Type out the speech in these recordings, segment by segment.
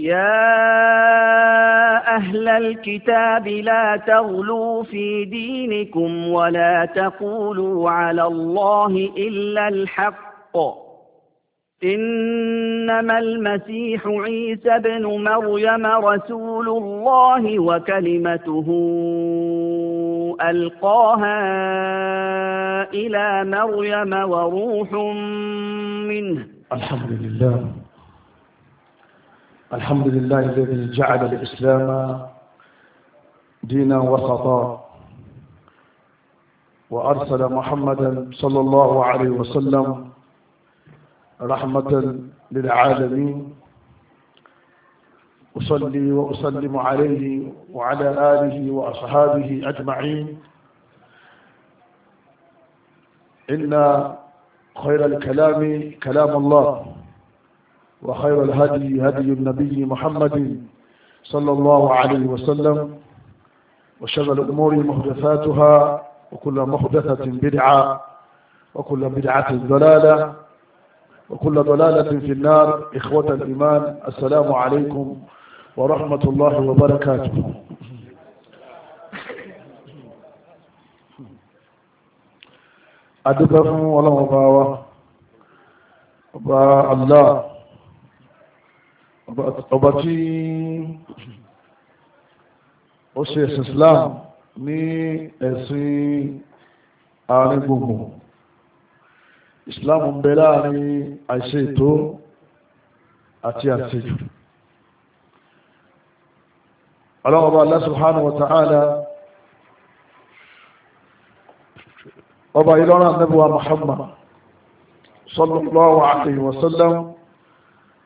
يا أهل الكتاب لا تغلوا في دينكم ولا تقولوا على الله إلا الحق إنما المسيح عيسى بن مريم رسول الله وكلمته ألقاها إلى مريم وروح منه الحمد لله الحمد لله الذي جعل الإسلام دينا وسطا وأرسل محمدا صلى الله عليه وسلم رحمة للعالمين أصلي وأسلم عليه وعلى آله وأصحابه أجمعين إن خير الكلام كلام الله وخير الهدي هدي النبي محمد صلى الله عليه وسلم وشر الأمور محدثاتها وكل محدثة بدعة وكل بدعة ضلالة وكل ضلالة في النار إخوة الإيمان السلام عليكم ورحمة الله وبركاته أدبهم ولا مباوة الله ọba tí ó ṣe ẹ̀sìn Islam ní ẹ̀sìn àárín gbogbo Islam ń bẹ láàrin àìṣe ètò àti àṣejù ọlọ́wọ́ba Allah subhanahu wa ta'ala ọba ìlọ́rọ̀ ànábì wa Muhammad sallallahu alaihi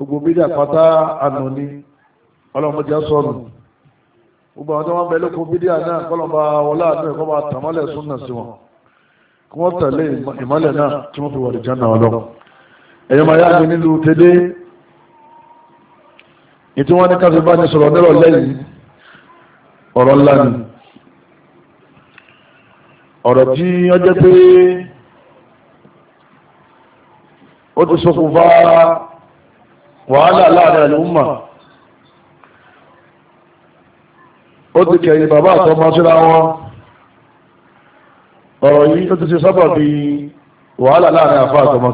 gbogbo bídà pátá ànú ni ọlọ́mọdé sọnù gbogbo àwọn tó wọ́n bẹ lóko bídà náà kọ́lọ́mọba wọlé àánú ẹ̀kọ́ bá tàmọ́lẹ̀ súnà sí wọn kí wọ́n tẹ̀lé ìmọ́lẹ̀ náà tí wọ́n fi wà lè jẹ́nà ọlọ́run ẹ̀yọ́ máa yára nílùú tẹ́lẹ̀ ìtí wọ́n ní káfí bá ní sọ̀rọ̀ nírọ̀lẹ́ yìí ọ̀rọ̀ ńlá ni ọ̀rọ̀ tí ó jẹ́ pé ó ti ṣokùnfà wàhálà láàrin àlùmọ̀ ó ti kẹ̀yìn bàbá àtọmọ síra wọn ọ̀rọ̀ yìí ti ṣe sọ́bọ̀ bí wàhálà láàrin àfa àtọmọ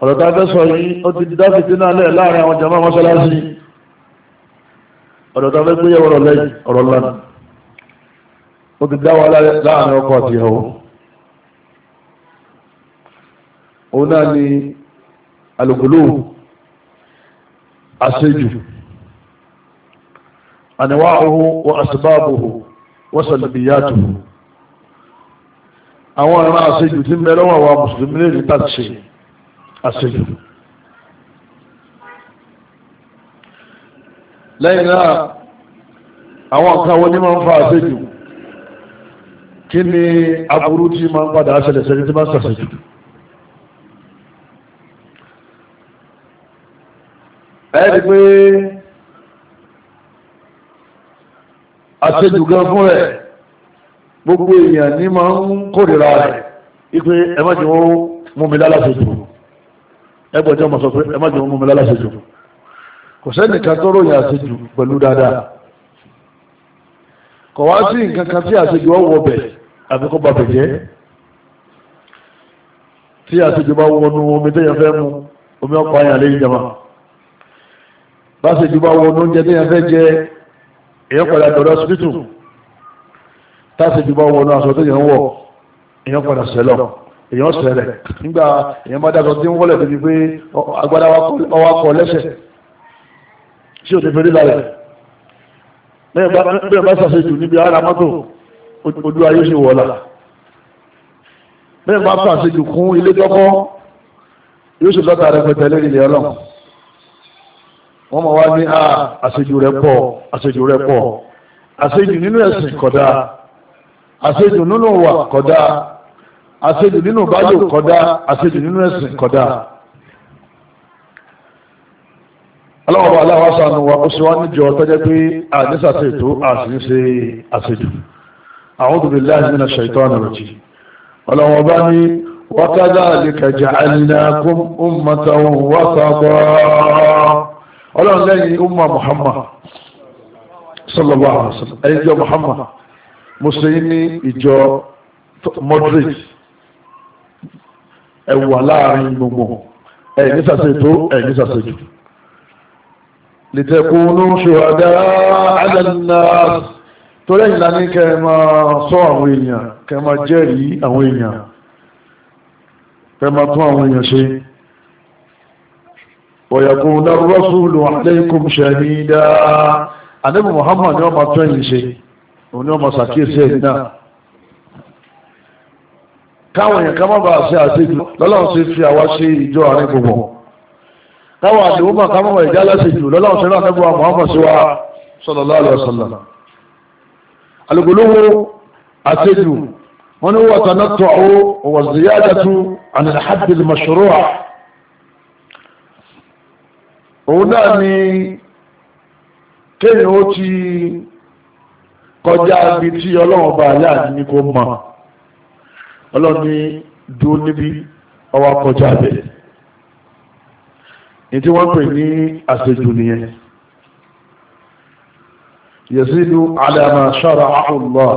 ọ̀rọ̀ tá a fẹ́ sọ yìí ó ti dá fìtínà lẹ̀ láàrin àwọn jàmá mọ́ṣáláṣí ọ̀rọ̀ fẹ́ gbé alùgbòlò àṣejù àníwá ohun wa àṣìbáàbòhò wọ́n sàlùbìyàtò àwọn ìran àṣejù tí mẹ́lọ́wọ́ àwọn mùsùlùmí lè rí tàṣe àṣejù lẹ́yìn náà àwọn kan wọ́n ní máa ń fa àṣejù kí ni aburú tí máa ń padà ṣẹlẹ̀ sẹ́ni tí máa ń ṣàṣejù ẹ̀rí pé àṣejù gan fún rẹ̀ gbogbo èèyàn ní máa ń kórìíra rẹ̀ ipe ẹ má jẹ́ wọ́n mú mi lálàṣejù ẹgbọ́n jẹ́ ọmọ sọ pé ẹ má jẹ́ wọ́n mú mi lálàṣejù kò sẹ́nìkan tó ròyìn àṣejù pẹ̀lú dáadáa kò wá sí nǹkan kan tí àṣejù ọ̀wọ̀ bẹ̀ àbíkọ́ bàbẹ̀ jẹ́ tí àṣejù bá wọnú omi tẹ́yẹ fẹ́ mu omi ọ̀pá yàn lẹ́yìn jama báṣe jù bá wọn oúnjẹ tí yẹn fẹ́ jẹ èèyàn padà dọ̀rọ̀ síbítù táṣe jù bá wọn aṣọ tó yẹn ń wọ̀ èèyàn padà sẹ́lọ̀ èèyàn sẹ́lẹ̀ nígbà èèyàn bá dáṣọ tí ń wọ́lẹ̀ débi pé agbádá wa kọ lẹ́sẹ̀ tí ò ti fi rí lálẹ́ bẹ́ẹ̀ bá ṣàṣe jù níbi ara mọ́tò ojú ayé ṣe wọ̀ lára bá ṣàṣe jù kún ilé tọ́kọ́ yóò ṣe lọ́ta rẹpẹtẹ lẹ́yìn ilẹ̀ ọlọ́run wọ́n mọ̀ wá ní a ah, àṣejù rẹ̀ pọ̀ àṣejù rẹ̀ pọ̀ àṣejù nínú ẹ̀sìn kódà àṣejù nínú wà kódà àṣejù nínú báyò kódà àṣejù nínú ẹ̀sìn kódà. aláwọ̀ aláwọ̀ sànù wa ó sì wá níjọ tọ́jẹ́ pé àdísàtì ètò àṣìṣe àṣejù a'udhu billahi minash shaitanir rajim ọlọ́wọ́ bá ní wa kadhalika ja'alnakum ummatan wasata ọlọ́run lẹ́yìn umma muhammad sallallahu alaihi wasallam ẹ̀yìn ìjọ muhammad mùsùlùmí ní ìjọ moderate ẹ̀wà láàrin gbogbo ẹ̀yìn nísàsẹ̀ tó ẹ̀yìn nísàsẹ̀ jù lìtẹ̀kùnú ṣùhàdá alẹ́nàás tó lẹ́yìn lání kẹma sọ àwọn èèyàn kẹma jẹ́rìí àwọn èèyàn kẹma tún àwọn èèyàn ṣe wọ̀yàkùn náà rọ́sùlù alaykum shahida ànábì muhammad ni wọ́n máa tọ́ yìí ṣe òun ni wọ́n máa ṣàkíyèsí ẹ̀yìn náà káwọn èèyàn ká má bàa ṣe àṣejù lọ́lọ́run ṣe fi àwa ṣe ìjọ àárín gbogbo káwọn àdéhùn máa ká má bàa ìjà aláṣejù lọ́lọ́run ṣe rán ànábì wa muhammad sí wa sallallahu alaihi wasallam alùgbòlówó àṣejù wọn ni wọ́n tàn náà tọ́ àwọn òwò ziyadatu an al-hadd al-mashru' òun náà ni kéèyàn ó ti kọjá ibi tí ọlọ́run bá alẹ́ àti ní kó mọ̀ ọlọ́run ní dúró níbi ọwọ́ kọjá abẹ́ ní tí wọ́n pè ní àṣejù nìyẹn yẹ̀sílù alama ṣọ́ra àhùnlọ́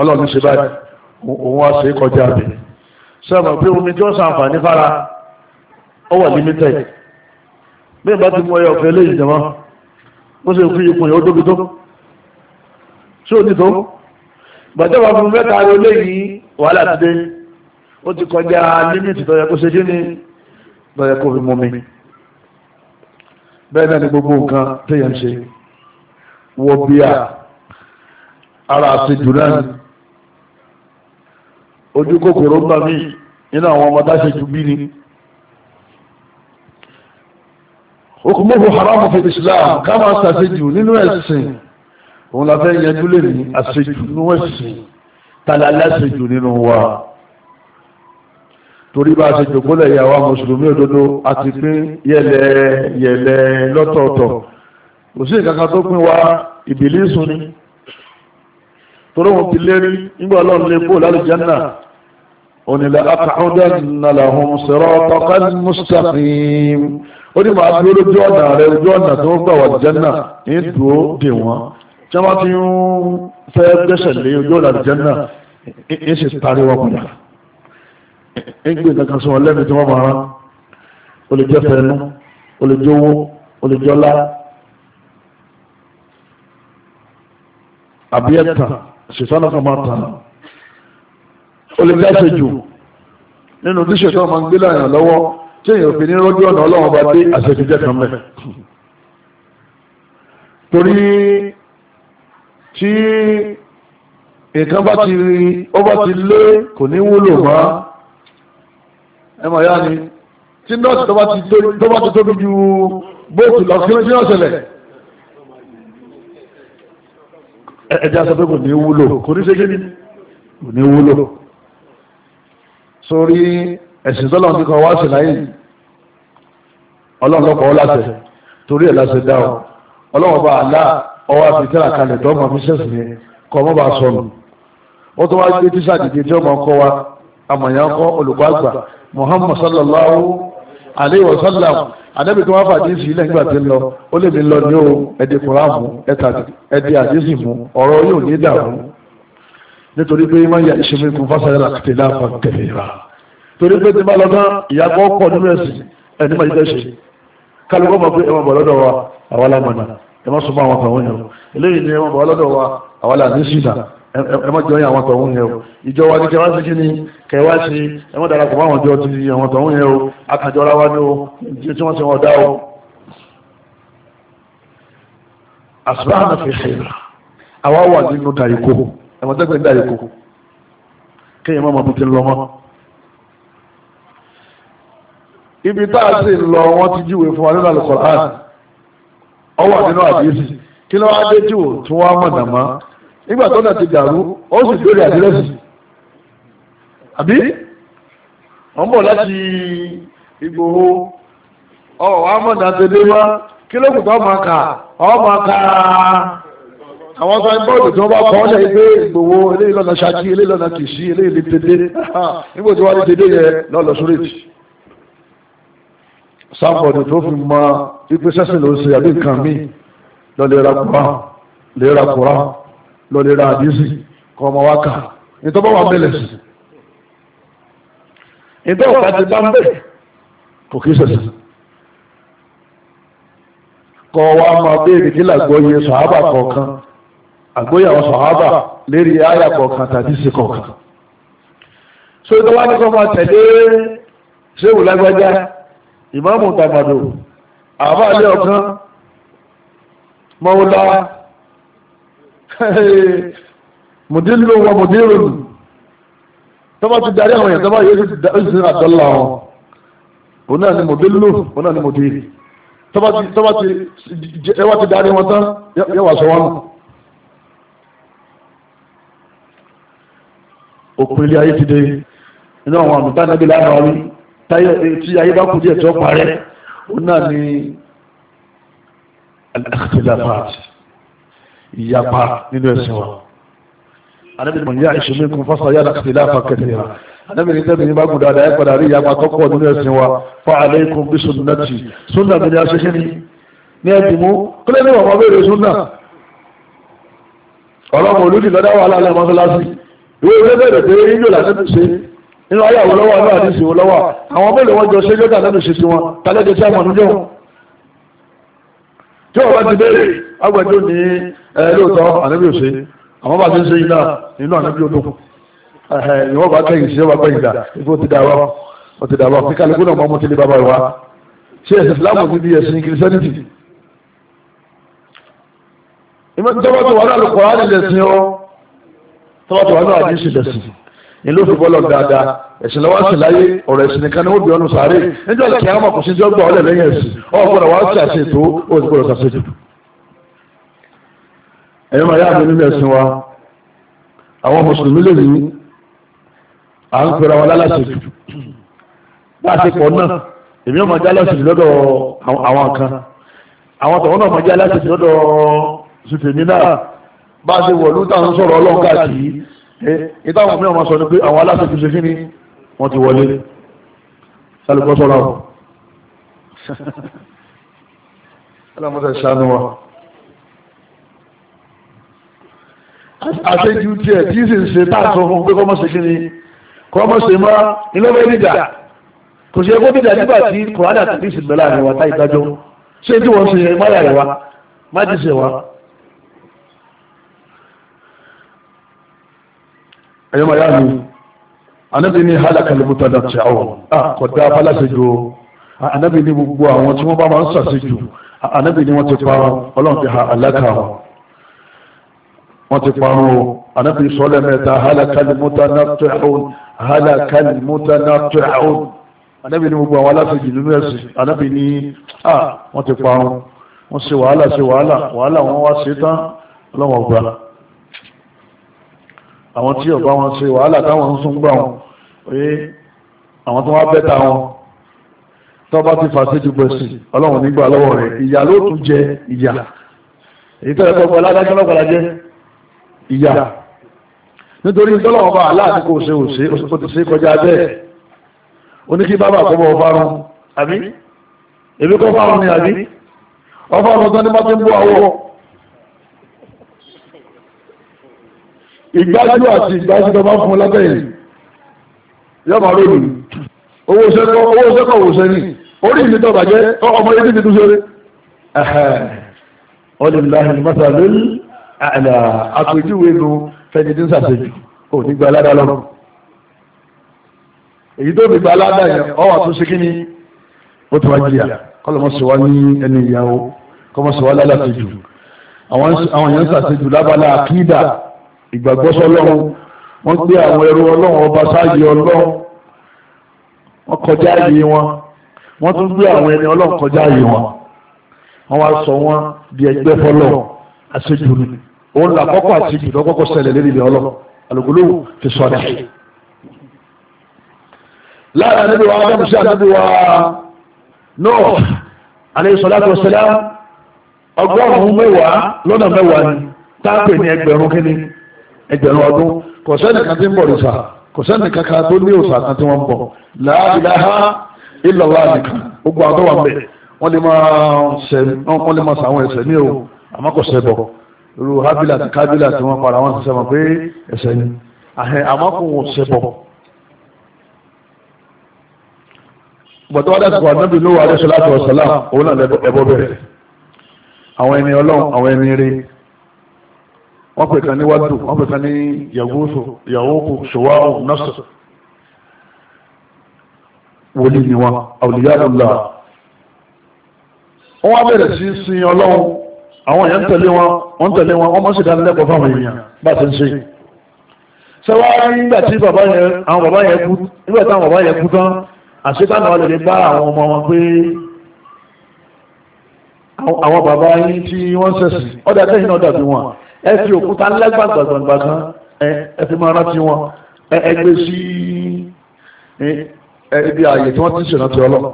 ọlọ́run ṣe báyìí òun wá ṣe kọjá sẹ́mọ̀ omi tí ó sàǹfà ní fara ó wà bẹ́ẹ̀ bá ti mú ẹyọ ọ̀fẹ́ léyìn jẹmọ́ ó sì fi ikùn yóò tóbi tó ṣé ò ní tó gbàjọba fún mẹ́ta ro léyìn wàhálà ti dé ó ti kọjá límìtì tọ́yẹ kó ṣe kí ni tọ́yẹ kó fi mú mi bẹ́ẹ̀ náà ni gbogbo nǹkan téèyàn ṣe wọ bíà ara àti jù náà ojú kòkòrò ń bà mí nínú àwọn ọmọ dáṣe jù bí ni. okùnmọ́bù haramu fi islam káwọn àṣàṣejù nínú ẹ̀sìn òun la fẹ́ yanjú lè ní àṣejù nínú ẹ̀sìn tàlà aláṣejù nínú wa torí bá a ṣe jòkólẹ̀ ìyá wa mùsùlùmí òdodo àti pín yẹlẹ yẹlẹ lọ́tọ̀ọ̀tọ̀ kò sí ìkankan tó pín wa ìbílísù ni torí òun ti lérí nígbà ọlọ́run lè kó lálùjánnà onílẹ̀ àtàkùndẹ́nà làwọn siratakan mustaqim ó ní máa dúró lójú ọ̀nà rẹ̀ ojú ọ̀nà tó ń gbà wà jẹ́nà ní dúró dè wọ́n tí wọ́n ti ń fẹ́ gbẹ́sẹ̀ lé ojú ọ̀nà jẹ́nà ń ṣe tarí wọn padà ń gbé kankan sọ lẹ́nu tí wọ́n máa rán ó lè jẹ́ fẹ́nu ó lè jówó ó lè jọlá àbí ẹ̀tàn ṣètọ́nà kan máa tàn án ó lè dáṣe jù nínú tíṣe tó máa ń gbé láàyàn lọ́wọ́ tí èèyàn fi ní rọ́jú ọ̀nà ọlọ́run bá dé àṣetìjẹ́ kan mẹ́. torí tí nǹkan bá ti ó bá ti lé kò ní wúlò mọ́ ẹ yá ni tí nọ́ọ̀sì tó bá ti tóbi ju bóòtù lọ kí ló ti ọ̀sẹ̀lẹ̀ ẹ̀ẹ́dẹ́ kò ní wúlò kò ní ṣe kí ni kò ní wúlò. sórí ẹ̀sìn tọ́lọ̀ ní kan wá sí láyé ọlọ́run lọ́pọ̀ ọláṣẹ torí ẹ̀ láṣẹ dá ọ ọlọ́run bá àlá ọwọ́ àti kalẹ̀ tó máa fi ṣẹ̀sìn yẹn kọ́ ọmọ bá sọnù ó tó wá gbé tíṣà dìde tí Muhammad sallallahu alayhi wa sallam ànábì tó wá fàdí sí ilẹ̀ nígbà tí ń lọ ó lè mi lọ ní o ẹ̀dẹ̀kùnrin àmú mú ọ̀rọ̀ yóò nítorí pé má yà ìṣẹ́mi kún fásayára àti láàfà kẹfìrà torí pé tí má lọ́dá ìyàgbọ́ pọ̀ nínú ẹ̀sìn ẹni má yíká ṣe kálukọ́ máa pé ẹ̀wọ̀n bọ̀ lọ́dọ̀ wa àwa lámàna ẹ má súnmọ́ àwọn àtàwọn yẹn eléyìí ni ẹ̀wọ̀n bọ̀ lọ́dọ̀ wa àwa là ní sídà ẹ má jọyìn àwọn àtàwọn yẹn o ìjọ wa ní kẹwàá sí ni kẹwàá sí ẹ darapọ̀ máwọn jọ ti àwọn àtàwọn yẹn o ẹ̀wọ̀n tẹ́gbẹ̀ẹ́ gbà yòókù kéèyàn má mọ̀ bí ti ń lọ mọ́. ibi tá a sì lọ wọ́n ti júwe fún wa nínú Al-Qur'an ọwọ́ nínú àdìsí kí ló wá dé tí ò tún wá mọ̀ nàmá nígbà tó náà ti dàrú ó sì dórí àdírẹ́sì àbí wọ́n bọ̀ láti Ìgbòho ọ̀wọ́ àmọ̀nà tẹ̀lé wá kí ló kù kà ọ́ máa àwọn sáyẹ́nbọ́ọ̀dù tí wọ́n bá kọ́ ọ́lẹ̀ pé Ìgbòho eléyìí lọ́nà ṣáájú eléyìí lọ́nà tìṣí eléyìí lè dédé ah, nígbà tí wọ́n lè dédé yẹn lọ́lọ́ súrèjì sáàbọ̀dù tó fi mọ ipe sẹ́sìn ló ṣe àbí nǹkan míì lọ́lẹ́ ra kura lè ra kura lọ́lẹ́ ra àdísì kọ́ ọmọ wákà nítorí wọ́n wà mẹ́lẹ̀ sí ìtọ́ ọ̀pá ti bá ń bẹ̀ kò kí sẹ̀sìn kọ́ wa máa béèrè kí làgbọ́ yẹ sàábà kọ̀ọ̀kan àgbóyà àwọn sọ̀hábà lérí àyà kọ̀ọ̀kan tàbí kọ̀ọ̀kan so ìtọ́wá ní kọ́ máa tẹ̀lé ṣéwù lágbájá ìmáàmù tàmàdò àbáàlẹ́ ọ̀kan mọ́wúlá mùdílù wọn mùdírù tọ́bá ti darí àwọn èèyàn tọ́bá yóò sì àdọ́là wọn òun náà ni mùdílù òun náà ni mùdírù tọ́bá ti darí wọn tán yẹ wà sọ wọn nù òpin ilé ayé ti dé inú àwọn àmì tánàbí lára rí eh, tí ayé bá kú díẹ̀ tó parẹ́ ó náà ní al-ikhtilafat ìyapa nínú ẹ̀sìn wa anábì mọ̀ yá ìṣúmí kún fásitì ayé al-ikhtilafa kathira anábì ní tẹ́bí bá gùn dáadáa ẹ̀ padà rí ìyapa tó pọ̀ nínú ẹ̀sìn wa fa alaykum bí sunnati sunna mi ni ọlọ́mọ olùdí lọ́dá wà lálẹ́ mọ́sálásí ìwé ìwé bẹ̀rẹ̀ pé ìlú làtẹ́tù ṣe nínú ayé àwọn lọ́wọ́ àbá àdìsí wọn lọ́wọ́ àwọn bẹ́ẹ̀ wọ́n jọ ṣe lọ́tà lẹ́nu ṣe sí wọn tálẹ́jọ sí àwọn àdújọ́ tí wọ́n bá ti béèrè agbẹjọ́ ní ẹlòótọ́ ànábì òṣè àwọn bá ti ń ṣe iná nínú ànábì òdòkù ìwọ́n bá kẹ́yìn sí ọba gbẹ̀yìn dà ibi ó ti dà wá ó ti dà wá kíkà lẹ́gbẹ́ náà mọ́mú tilé bàbá wa ṣé ẹ̀sìn Islam ti di ẹ̀sìn kìrìsẹ́nìtì ìmọ̀ tí wọ́n bá ti wà lálùkọ́ á lè lẹ̀sìn ọ́ tọ́wọ́ tí wọ́n náà ní sí dẹ̀sìn ní ló fi bọ́lọ̀ dáadáa ẹ̀sìn lọ́wọ́ sí láyé ọ̀rọ̀ ẹ̀sìn nìkan ni wọ́n bí ọdún sáré níjọ́ ìkẹ́ àwọn ọkùnrin tí ó gbà ọlẹ̀ lẹ́yìn ẹ̀sìn ọgbọ̀nà wá sí àṣẹ ètò òṣìgbọ̀nà sàṣẹjù ẹ̀yọ́ máa yá mi nínú ẹ̀sìn wa àwọn mùsùlùmí lè ní à ń pera wọn lálàṣẹjù bá a ti pọ̀ náà èmi ọmọ ajá lọ́sìn lọ́dọ̀ àwọn kan àwọn tọ̀wọ́n náà bá a ṣe wọ̀lú táwọn sọ̀rọ̀ ọlọ́run káàkiri ìtàwọn mìíràn máa sọ ni pé àwọn aláṣẹ ti ṣe kí ni wọ́n ti wọlé sálùkọ́ sọ́ra o alámọ́sẹ̀ ṣàánú wa àṣejù tiẹ̀ tí sì ń ṣe táàtọ̀ fún pé kọ́mọ́ ṣe kí ni kọ́mọ́ ṣe mọ́ ilọ́wẹ́ nígbà kò ṣe kó nígbà nígbà tí kòhánà tàbí ìsìnbẹ̀lá àríwá tá ìdájọ́ ṣé tí wọ́n ṣe máyà rẹ̀ wa má ti ṣe wa. ẹ̀yọ́ màá yá mi anábì ní halakali mutada ti àwọn ah, kọ̀dá abálàṣejù o anábì ah, ní gbogbo àwọn tí wọ́n bá máa ń ṣàṣejù anábì ah, ní wọ́n ti pa ọlọ́run ti ha aláka wọn wọ́n ti pa wọn o anábì sọ́lẹ̀ mẹ́ta halakali mutada ti àwọn halakali mutada ti àwọn anábì ní gbogbo àwọn aláṣejù nínú ẹ̀sìn anábì ní wọ́n ti pa wọn wọ́n ṣe wàhálà ṣe wàhálà wàhálà wọn wá ṣe tán ọlọ́run ọgbà àwọn tí ọba wọn ṣe wàhálà táwọn ń sún gbà wọn oye àwọn tó wá bẹ́ta wọn tọ́ba ti fàṣẹ́jú gbẹ̀sì ọlọ́run nígbà lọ́wọ́ rẹ̀ ìyà ló tún jẹ ìyà èyí tẹ́lẹ̀ tó gbọ́ ládájọ́ lọ́gbàlá jẹ́ ìyà nítorí tọ́lọ́wọ́ bá aláàtí kò ṣe òṣè ó ti ṣe kọjá bẹ́ẹ̀ oníkí bábà kọ́ bọ́ ọ̀fárun àbí èmi kọ́ fárun ni àbí ọ̀fárun tó ní bá ti ń ìgbájú àti ìgbájú tó bá fún un lábẹ́yìn yóò máa lónìí owó sẹ́kọ̀ owó sẹ́kọ̀ wò sẹ́ni orí mi tó bàjẹ́ ọmọ yẹn ti tún sórí. ọ̀lẹ́láhi masalú àlà àpèjúwe nu fẹ́ni tí ń sàṣejù ò ní gba aládàá lọ́rùn. èyí tó fi gba aládàá yẹn ọ wà tó ṣe kí ni ó ti wá jìyà kọ́lọ́mọ́sọ̀wá ní ẹni ìyàwó kọ́mọ́sọ̀wá lálàṣejù àwọn yẹn ń sàṣejù lábala àkídà ìgbàgbọ́sọ́lọ́run wọ́n gbé àwọn ẹrú ọlọ́run ọba sáàyè ọlọ́run wọ́n kọjá ààyè wọn wọ́n tún gbé àwọn ẹni ọlọ́run kọjá ààyè wọn wọ́n wá sọ wọ́n di ẹgbẹ́ fọlọ́ àṣejù ni òun là kọ́kọ́ àti ìjùlọ kọ́kọ́ ṣẹlẹ̀ wa adamu sí àdúgbò wa náà alayhi salatu wassalam ún mẹ́wàá lọ́nà mẹ́wàá ni táàpì ní ẹgbẹ̀rún kínní ẹgbẹ̀rún ọdún kò sẹ́ni kan tí ń bọ òrìṣà kò sẹ́ni kankan tó ní òòṣà kan tí wọ́n ń bọ la ilaha nìkan gbogbo àtọ́wà wọ́n lè máa ṣẹ̀ wọ́n ní o àmọ́ kò àti tí wọ́n para ti sẹ́wọ̀n pé ni àmọ́ kò lówó àti wọ́n pè kan ní wádùn wọ́n pè kan ní yàgòsò yàwókù ṣòwáhùn nọ́ọ̀sì wòlíì ni wọn àwòlíyàlùlá wọ́n wá bẹ̀rẹ̀ sí sin ọlọ́run àwọn èèyàn tẹ̀lé wọn wọ́n tẹ̀lé wọn wọ́n mọ̀ sí ìdánilẹ́kọ̀ọ́ fáwọn èèyàn bá ti ń ṣe sẹ́wọ́n nígbà tí bàbá yẹn àwọn bàbá yẹn kú nígbà tí àwọn bàbá yẹn kú tán àṣetánà wà lè bá àwọn ọmọ wọn pé àwọn bàbá yín tí wọ́n ṣẹ̀sìn ọ̀dà tẹ́yìn náà dàbí wọn ẹ fi òkúta lẹ́gbà gbàgbàgbàgbàn ẹ fi máa rántí wọn ẹ gbé sí ibi ààyè tí wọ́n ti ń ṣèrántí ọlọ́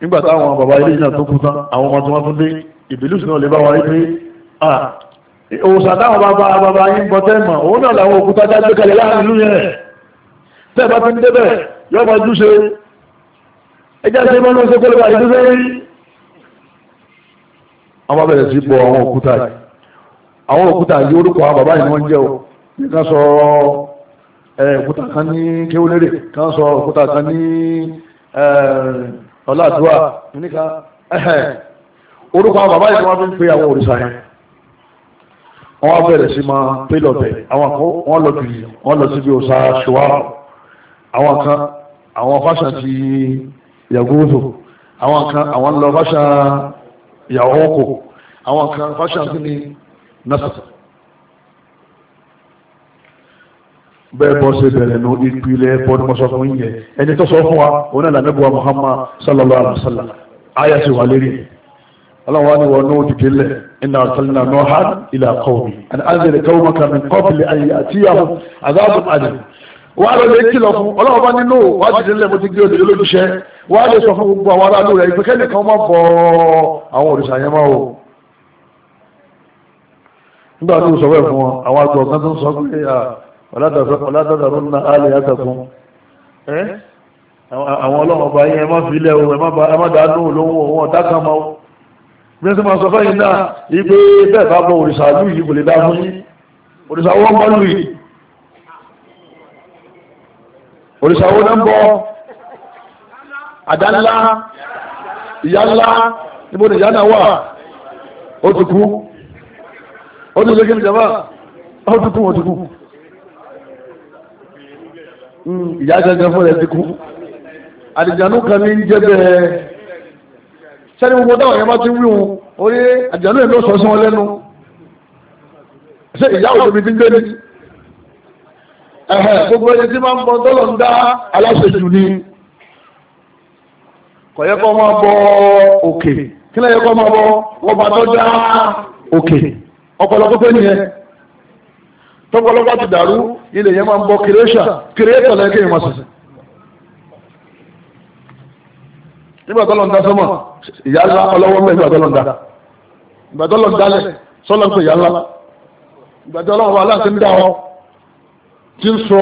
nígbà táwọn bàbá ilé náà tó kú tán àwọn ọmọ tí wọ́n tún dé ìbílù sí náà lè bá wọn rí pé òòsàn táwọn bàbá bàbá yín bọ́ tẹ́mọ̀ òun náà làwọn òkúta jágbé kalẹ̀ láàrin ìlú yẹn tẹ́ẹ̀ bá ti ń débẹ̀ yọ́ọ́ bá júṣe ẹjá ṣe mọ́nà ṣe pẹ́lú àìdúṣe rí wọ́n bá bẹ̀rẹ̀ sí bọ àwọn òkúta yìí àwọn òkúta yìí orúkọ àwọn bàbá yìí wọ́n jẹ́ o kan sọ òkúta kan ní kéwúlérè kan sọ òkúta kan ní ọ̀làdúrà níka orúkọ àwọn bàbá yìí wọ́n fi ń pe àwọn òrìṣà yẹn wọ́n wá bẹ̀rẹ̀ sí máa pélọ̀ bẹ̀ àwọn wọ́n lọ bì wọ́n lọ síbi àwọn kan àwọn fáṣà ti yàgò àwọn kan àwọn lọ fáṣà ìyàwó kò àwọn kan fashion sí ni nasa bẹ́ẹ̀ bọ́ sí bẹ̀rẹ̀ nù ìpìlẹ̀ bọ́dúnmọ́sọ fún yẹ ẹni tó sọ fún wa òun náà lànàbùwà Muhammad sallallahu alaihi wa sallam ayé sì wà lérí Allah wa ni wa nuu dikille inna arsalna nuuhan ila qawmi an anzir qawmaka min qabli an ya'tiyahum adhabun alim wàá lọ lè kìlọ̀ fún ọlọ́wọ́ bá nínú wàá ti délé mo ti gbé òdìdí lójúṣẹ́ wàá lè sọ fún gbogbo àwọn aráàlú rẹ̀ ìpínlẹ̀ nìkan má bọ̀ àwọn òrìṣà yẹn máa wò. nígbà tó sọ bẹ́ẹ̀ fún wọn àwọn àgbọ̀ kan tó ń sọ pé ọ̀làdàdàrú ń na àlẹ́ àtàkùn àwọn ọlọ́wọ́ bá yẹn má fi ilẹ̀ ohun ẹ̀ má dàánú lóhun òun ọ̀tá kan máa wò. bí wọ́n ti máa sọ fẹ́yìn náà ìgbé bẹ́ẹ̀ bá bọ òrìṣà lù yìí kò lè dá fún òrìṣà owó náà ń bọ àdá ńlá ìyá ńlá níbo ni ìyá náà wà ó ti kú ó ti lé kí ni jàmbá ó ti kú ó ti kú hmm, ìyá gẹ́gẹ́ fún ẹ̀ ti kú àdìjànú kan ní jẹ́ bẹ́ẹ̀ sẹ́ni gbogbo dáwọn yẹn bá ti wí òun orí àdìjànú yẹn ló sọ sí wọn lẹ́nu ṣé ìyá òṣèlú ti ń gbé ni. gbogbo ẹni tí máa ń bọ tọ́lọ̀ ń dá ni bọ òkè kí lẹ́yẹ bọ ọba tó dá òkè ọ̀pọ̀lọpọ̀ pé nìyẹn tọ́pọ̀lọpọ̀ ti bọ kìrẹ́ṣà lẹ́yìn kéèyàn máa sọ̀sẹ̀. nígbà tọ́lọ̀ tí ń sọ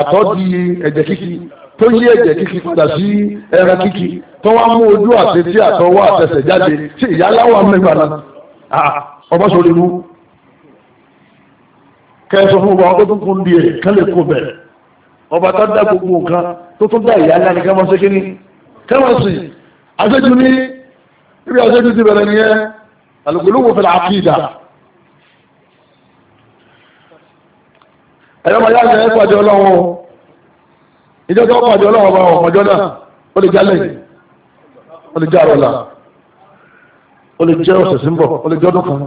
àtọ̀ di ẹ̀jẹ̀ kíkì tó yí ẹ̀jẹ̀ kíkì padà sí ẹran kíkì tó wá mú ojú àti tí àtọ̀ wá àtẹsẹ̀ jáde tí ìyáláwà mẹ́gbà náà ọba sọ̀rọ̀ ìlú kẹsàn fún wa ó tún kún di ẹ̀ kán lè kó bẹ̀rẹ̀ ọba tó dá gbogbo nǹkan tó tún dá ìyálá ní kẹ́mọ́ sí kíní kẹ́mọ́ sí àṣejù ní ibi àṣejù ti bẹ̀rẹ̀ nìyẹn àlùkò ló wò ẹ̀yọ́ máa yára ẹ̀ pàdé ọlọ́run ìjọ tó pàdé ọlọ́run ọba ọmọjọ́ náà ó lè jálẹ̀ ó lè járọ̀ ọ̀la ó lè jẹ́ ọ̀sẹ̀ sí ń bọ̀ ó lè jẹ́ ọdún kan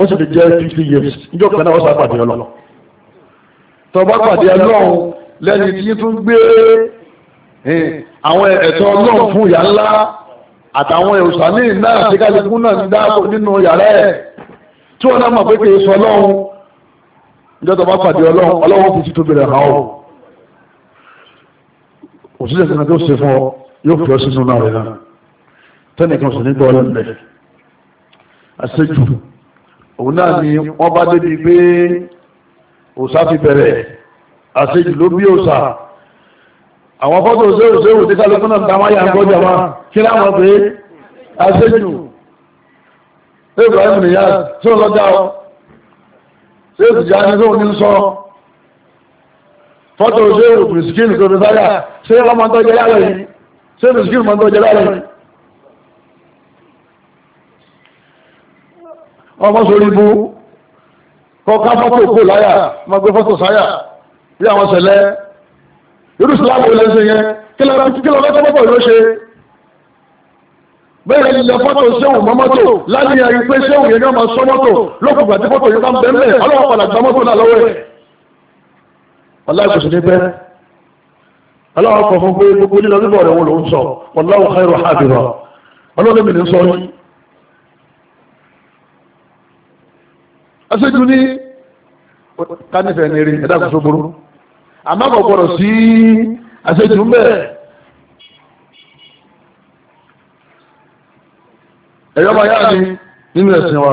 ó sì lè jẹ́ fifty years ìjọ kan náà ó sá pàdé ọlọ́run tó bá pàdé ọlọ́run lẹ́ni tí tún gbé àwọn ẹ̀tọ́ ọlọ́run fún ìyá ńlá àtàwọn ìwòsàn ní ìná àti kálukú náà ń dáàbò nínú yàrá ẹ̀ tí wọ́n náà mọ̀ pé kì í sọ ọlọ́run níjọ́ tó bá pàdé ọlọ́run ọlọ́run fi ti tóbi rẹ̀ hàn ọ́ òṣìṣẹ́ kan tó ṣe fún ọ yóò fi ọ sínú náà rẹ̀ náà tẹ́nìkan sì ní gbọ́ ọlọ́run rẹ̀ àṣejù òun náà ni wọ́n bá débi pé òṣà fi bẹ̀rẹ̀ àṣejù ló bí òṣà àwọn fọ́tò òṣèlú òṣèlú tí kálukú náà ta wáyà ń gbọ́jà wá kí láwọn pé àṣejù Ibrahim nìyá tí ó lọ ṣéèkù jẹ́ ẹni tó ní sọ fọ́tò ṣéèkù bìrìsìkìlì tó fi sáyà ṣéèkù ọmọ tó jẹ́ láàrẹ̀ yìí ṣéèkù bìrìsìkìlì mọ́ tó jẹ́ láàrẹ̀ yìí ọmọ sórí ibú kọ́ká fọ́tò kò láyà ma gbé fọ́tò sáyà bí àwọn ṣẹlẹ̀ irú ìsìlámù ilẹ̀ ń ṣe yẹn kí lọ́wọ́ kí lọ́wọ́ kọ́ bẹ́ẹ̀ ni lọ́fọ́tò sẹ́wù mọ́mọ́tò láti ní ayé pé sẹ́wù yẹn yóò máa sọ mọ́tò lókùnkùn àti fọ́tò yóò máa ń bẹ́ẹ̀ mẹ́ ọlọ́wọ́ padà gba mọ́tò náà lọ́wọ́ ẹ̀. ọláìkùsùn ní bẹ́ẹ̀ aláwọ̀ kọ̀ fún pé gbogbo lílọ bíbọ̀ rẹ̀ wọn ló ń sọ wallahu khairu habira ọlọ́run mi ní sọ yín. aṣojú ní kánífẹ̀ẹ́ ní rí ẹ̀dá àkóso burú àmọ́ kò gbọdọ̀ sí aṣojú bẹ́ẹ̀ ẹ̀yọ́ bá yára ní nínú ẹ̀sìn wa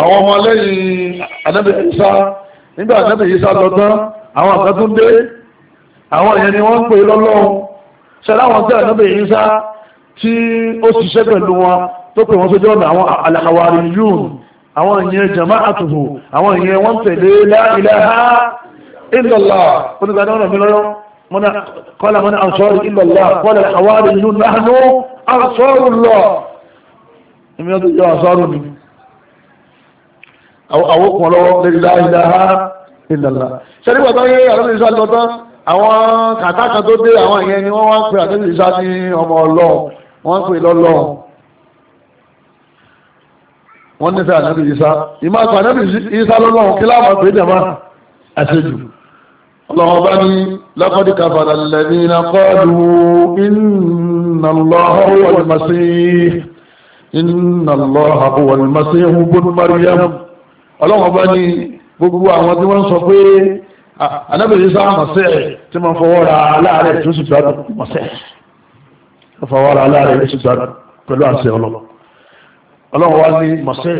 àwọn ọmọ lẹ́yìn anábì Ìsá nígbà anábì Ìsá lọ́tán àwọn àkàtúndé àwọn èèyàn ni wọ́n ń pè lọ́lọ́run ṣẹlẹ̀ àwọn tẹ́ anábì Ìsá tí ó ṣiṣẹ́ pẹ̀lú wọn tó pè wọ́n sójú ọ̀nà àwọn àlàkàwárí yún àwọn èèyàn jama àtùhù àwọn èèyàn wọ́n tẹ̀lé la ilaha illallah kọ́lá mọ́ni ansọ́rí illallah kọ́lá àwárí yún náà àṣọ́rù lọ ìmí ọdún yọ àṣọ́rù ni àwọn kan lọ́wọ́ lórí láìláha ìlàlá ṣẹ́rí bàbá yẹ àtúntò ìṣá lọ́tọ́ àwọn kàtàkà tó dé àwọn ìyẹn ni wọ́n wá ń pè àtúntò ìṣá ní ọmọ ọlọ́ wọ́n ń pè lọ́lọ́ wọ́n nífẹ̀ẹ́ àtúntò ọlọ́wọ́ bá ní laqad kafara alladhina qalu inna Allaha huwa al-masih inna Allaha huwa al-masih ibn Maryam ọlọ́wọ́ bá ní gbogbo àwọn tí wọ́n sọ pé anábìyí ah, sáà màṣẹ́ tí wọ́n fọwọ́ ra aláàrẹ̀ tó sì gbádùn màṣẹ́ fọwọ́ ra aláàrẹ̀ tó sì gbádùn pẹ̀lú àṣẹ ọlọ́wọ́ ọlọ́wọ́ wá ní màṣẹ́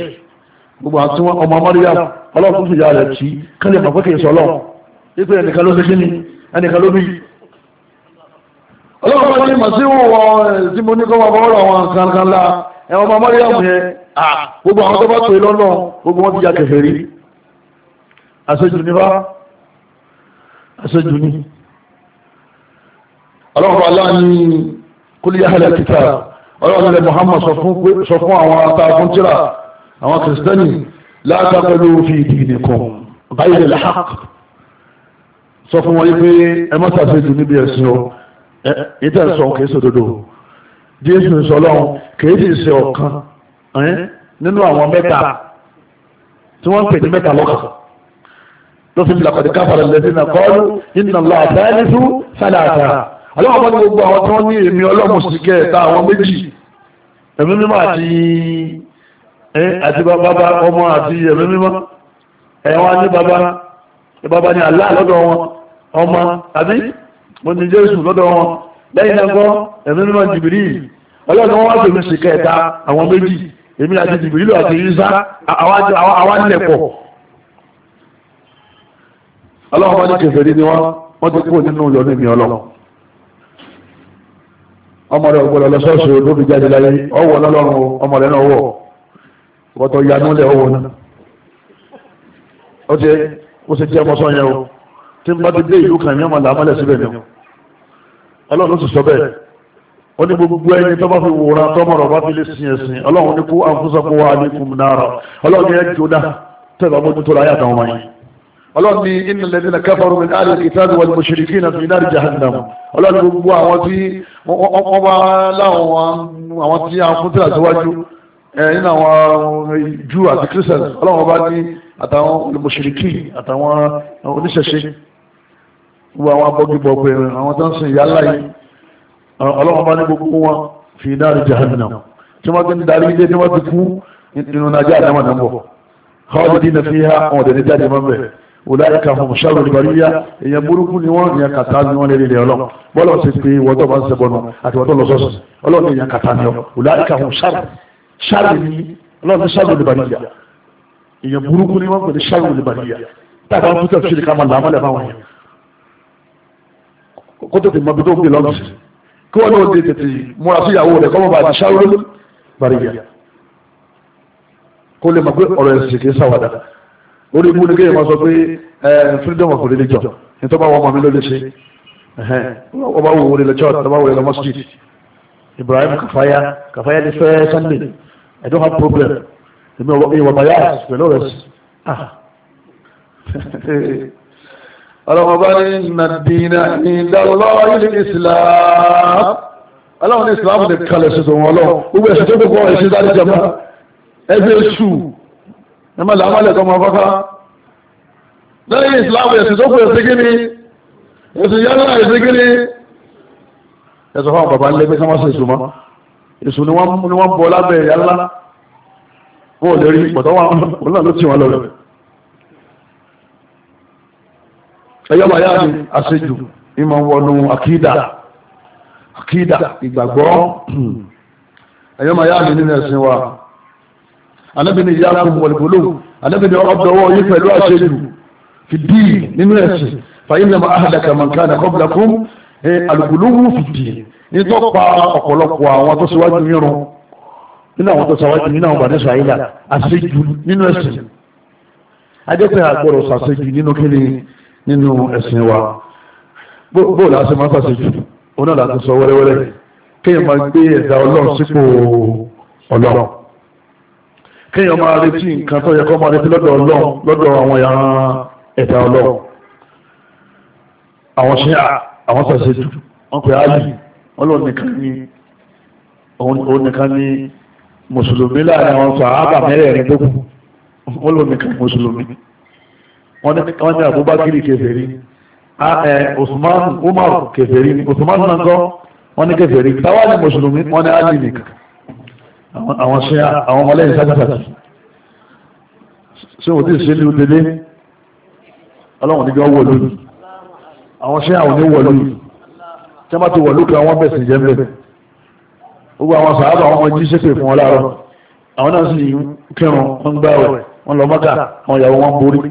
gbogbo àti ọmọ Maryam ọlọ́wọ́ tó fi rẹ̀ tí kẹ́lẹ̀ mọ̀ pé ipe ẹnìkan ló ṣe kí ni ẹnìkan ló bí ọlọ́pàá ní màsíwò eh, tí mo ní kọ́ máa bọ́ọ̀rọ̀ àwọn kankan la ẹ̀wọ̀n máa mọ́rí àmì yẹn gbogbo àwọn tó bá pè lọ́nà gbogbo wọn ti ya kẹfẹ́ rí àṣejù ní bá àṣejù ní ọlọ́pàá láàánú sọ fún wọn yí pé ẹ má ṣàṣejù níbi ẹ̀sìn o ìtẹ̀ sọ kìí ṣe òdodo jésù ìṣọlọ́run kìí sì ṣe ọ̀kan nínú àwọn mẹ́ta tí wọ́n ń pè ní mẹ́ta lọ́kàn ló fi lọ́kọ̀dé káfàrà lẹ́sìn náà kọ́ọ́lù iná lọ àtẹ́lẹ́sù sálàtà ọlọ́wọ́ bá ní gbogbo àwọn tí wọ́n ní èmi ọlọ́mù sí kẹta àwọn méjì ẹ̀mí mímọ́ àti àti bàbá ọmọ àti ẹ̀mí mímọ́ ẹ̀wọ̀n ní bàbá ìbába ní Allah lọ́dọ̀ wọn ọmọ tàbí mo ní Jésù lọ́dọ̀ wọn lẹ́yìn náà gbọ́ ẹ̀mí mímọ́ jìbìrì ọlọ́dún wọn wá pèmí sí kẹta àwọn méjì èmi àti jìbìrì lọ àti yíṣá àwa nílẹ̀pọ̀ ọlọ́wọ́n bá ní kẹfẹ́rí ni wọ́n wọ́n ti kúrò nínú yọ níbi ọlọ́ ọmọ rẹ ògbọ́dọ̀ lọ sọ́ọ̀sì olóbi jáde láyé ọwọ́ lọ́lọ́run ọmọ rẹ náà wọ̀ ọ̀tọ̀ yanú lẹ̀ ọwọ́ náà ó sì jẹ́ ọmọsán yẹn o tí n bá ti dé ìlú kan yẹn máa là á mọ́lẹ̀ síbẹ̀ ni ọlọ́run ló sì sọ bẹ́ẹ̀ ó ní gbogbo ẹni tó bá fi wòran tọ́mọ rọ̀ bá fi lè sin ẹ̀sìn ọlọ́run ní kó àǹfọ̀sọ́kọ wa ní kùn náírà ọlọ́run yẹn jóná tẹ̀lé ọmọ tó láyà àtàwọn ọmọ yẹn ọlọ́run ní innal ladhina kafaru min ahli al-kitabi wal wọ́n bá láwọn àwọn tí a fún tẹ̀lé àtiwájú ọlọ́run bá àtàwọn olùmọ̀ṣirikí àtàwọn oníṣẹ̀ṣe gbogbo àwọn abọ́gibọ̀ pé àwọn tó ń sin ìyá ńlá yìí ọlọ́wọ́n bá ní gbogbo wọn fi náà jahannam tí wọ́n ti ń darí ilé tí wọ́n ti kú nínú nàjà àdámà náà bọ̀ khalidina fiha àwọn ọ̀dẹ̀ ní jáde máa ń bẹ̀ wòláyé kan fún ṣàrò ìbáríyá èèyàn burúkú ni wọ́n èèyàn kàtà ni wọ́n lè rí rẹ̀ ọlọ́ bọ́lọ̀ ti pé wọ́tọ̀ bá ń sẹ́bọ̀nù àti wọ́tọ̀ lọ́sọ̀ọ̀sì ọlọ́run èèyàn kàtà ni ọ wòláyé kan fún ṣàrò ṣàrò ni ọlọ́run ṣàrò ìbáríyá èèyàn burúkú ni wọ́n pè ní ṣáàrù olùbàdìyà táàbà ń fúnṣẹ́ òṣèlú ká máa là á mọ́lẹ̀ báwọn yẹn kó tètè mọ ibi tó gbé lọ́nà kí wọ́n náà tètè múra sí ìyàwó rẹ̀ kọ́mọ́ bá ti ṣáàrù olùbàdìyà kó lè mọ̀ pé ọ̀rọ̀ ẹ̀sìn kì í ṣàwàdà orí ibú ni kéèyàn máa sọ pé freedom of religion ní tó bá wọ́n mọ̀ mí lóde ṣe ọba wo wọlé lọ church ọba wọlé lọ mosque Ibrahim Kafaya Kafaya ti fẹ́ Sunday I don't have problem èmi ìwọ̀ bàyà pẹ̀lú rẹ̀ sí. Ah. Ah. ọlọ́mọba ní nàdínà ní ìdálọ́lọ́ ilé islam aláwọn ní islam ní kalẹ̀ sí tòun ọlọ́run gbogbo ẹ̀sìn tó gbogbo ẹ̀sìn dárí jẹma ẹgbẹ́ èṣù ẹ̀mọ́ làmọ́lẹ̀ tọmọ fọ́fá lẹ́yìn islam ẹ̀sìn tó kù ẹ̀sìn gíní ẹ̀sìn yálà ẹ̀sìn gíní ẹ̀sìn fáwọn bàbá ńlẹ́gbẹ́ sọ́mọ́sẹ̀ ìṣùmọ́ ìṣù ni wọ́n bọ́ lábẹ́ yálà wọn ò lè rí pọ̀tọ́ wọn wọn náà ló tì wọn lọ́rẹ̀ ẹ̀yọ́ bàyá mi àṣejù ìmọ̀ wọnú àkídà àkídà ìgbàgbọ́ ẹ̀yọ́ bàyá mi nínú ẹ̀sìn wa anábìnrin ìyá fún wọlébóló anábìnrin ọ̀dọ́wọ́ yìí pẹ̀lú àṣejù fìdí nínú ẹ̀sìn fàyínlẹ̀mọ̀ àhàdàkà mọ̀nkánà kọ́bùlà fún alùpùlù fìdí nítorí pa ọ̀pọ̀lọpọ̀ àwọn tó síwájú yìí nínú àwọn tó sàwájú nínú àwọn bàdé sàáyílà àṣejù nínú ẹ̀sìn ajẹ́pẹ́ àgbọ̀rọ̀ sàṣejù nínú kíni nínú ẹ̀sìn wa bóòlù àṣẹ máa sàṣejù òun náà láti sọ wẹ́rẹ́wẹ́rẹ́ kéèyàn máa gbé ẹ̀dá ọlọ́run sípò ọlọ́run kéèyàn máa retí nǹkan tó yẹ kó máa retí lọ́dọ̀ ọlọ́run lọ́dọ̀ àwọn yàrá ẹ̀dá ọlọ́run àwọn ṣe àwọn sàṣejù wọn pè á wọn lọ nìkan ní mùsùlùmí láàrin àwọn sàábà mẹ́rẹ̀ẹ̀rin tó kù wọ́n ló nìkan mùsùlùmí wọ́n ní àbúbákiri kèfèrí Usman Umar kèfèrí ni Usman náà kọ́ wọ́n ní kèfèrí táwa ní mùsùlùmí wọ́n ní ájì nìkan àwọn ṣe àwọn ọmọlẹ́yìn sákàtàkì ṣé òtí ṣe ní òdélé ọlọ́run níjọ́ wọ̀ lónìí àwọn ṣe àwọn oníwọ̀ lónìí tí wọ́n bá ti wọ̀ lókè àwọn bẹ̀sìn jẹ́ bẹ̀rẹ̀ gbogbo àwọn sàábà wọn jí ṣépè fún wọn láàárọ̀ àwọn náà sì kírun wọn gbá ọ̀rẹ́ wọn lọ mọ́kà àwọn ìyàwó wọn borí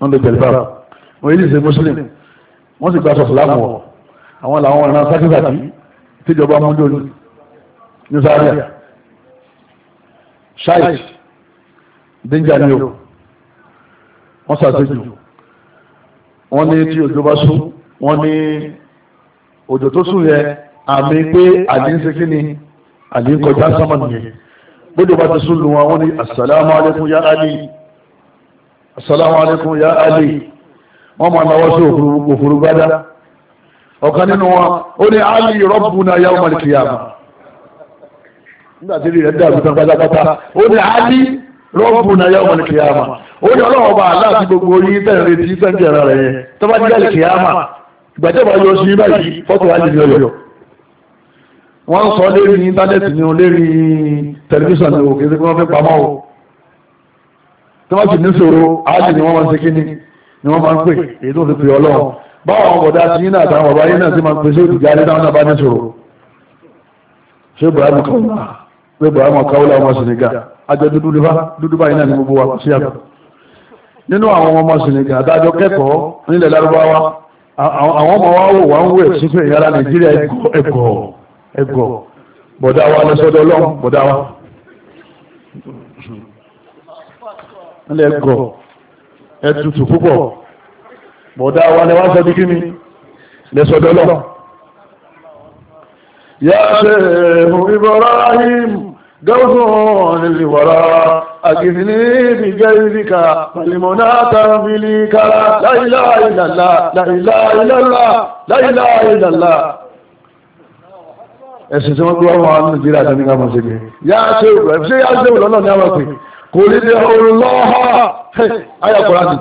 wọn lè jẹ̀lẹ̀ bára wọn yìí ṣe muslim wọn sì gba sọ̀tún láàmú wọn àwọn làwọn ìran sákìsàkì tíjọba múndó ní sáríà ṣáìt díjà ni o wọ́n ṣàṣejù wọ́n ní tí òjò bá sùn wọ́n ní òjò tó sùn yẹ àmì pé àdínsí ni àdínkọjá sámà nìyẹn bóde bá ti sún wọn wọn ni assalamu alaikum ya ali wọn máa náwó sí òfurufú gbádá ọ̀kan nínú wọn ó ní ali rabbuna yawm al-qiyamah nígbà tí rẹ̀ dàbí tán pátápátá ó ní ali ó ní ọlọ́wọ́ bá gbogbo tí sẹ́ńtì ẹ̀rọ rẹ̀ yẹn tó bá jẹ́ wọ́n ń sọ lérí íńtánẹ́ẹ̀tì ni o lérí tẹlifíṣàn ni o kì í ṣe pé wọ́n fẹ́ pamọ́ o tí wọ́n sì ní sòro ájì ni wọ́n máa ń ṣe kíni ni wọ́n máa ń pè èyí tó fi pè ọlọ́run báwọn ọmọ ọ̀dà ti yín náà àtàwọn bàbá yín náà ti máa ń pè sí òdìjà alẹ́ náà bá ní sòro ṣé ibrahim kawula ọmọ sinigá ajọ dúdú báyìí náà ni gbogbo wa sí àgbà nínú àwọn ọmọ sinigá adájọ kẹ́kọ̀ọ́ nílẹ̀ lárúbáwá àwọn ọmọ wa wò wá ń wò ẹ̀ sí ìyára nàìjíríà ẹ̀kọ́ ẹgọ̀ bọ̀dá wa lọ́sọ́dọ̀ ọlọ́run bọ̀dá wa nílẹ̀ ẹgọ̀ ẹtùtù púpọ̀ bọ̀dá wa ni wọ́n sọ bí kíni lẹ́sọ̀dọ̀ ọlọ́run yá ṣe Ibrahim gọ́ọ̀sùn ìlúwọ̀rọ̀ àgbìsílẹ̀ ìdíjẹ́ ìríkà pàlìmọ̀nà tàbílì kára láìláìlàlá láìláìlàlá láìláìlàlá ẹ̀sìn tí wọ́n gbé wọn ní nàìjíríà tó ní ká máa ṣe gbé yá ṣe òwúrọ̀ ṣé yá ṣe òwúrọ̀ náà ní àwọn pè kò lè dé ọrùn lọ́hà ayé ọ̀kọ̀rá ni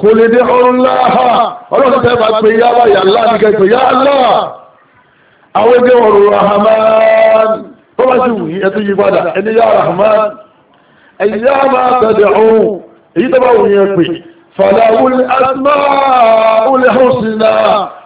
kò lè dé ọrùn lọ́hà ọlọ́run tẹ́ bá pé yá wá yàrá ní kẹ́kẹ́ yá lọ́ àwọn ẹgbẹ́ ọ̀rùn rahman tó bá sì wù yí ẹtú yí padà ẹni yá rahman ẹ̀yìn yá máa tẹ̀lé ọ̀hún èyí tó bá wù yẹn pè fàlàwùl asmaul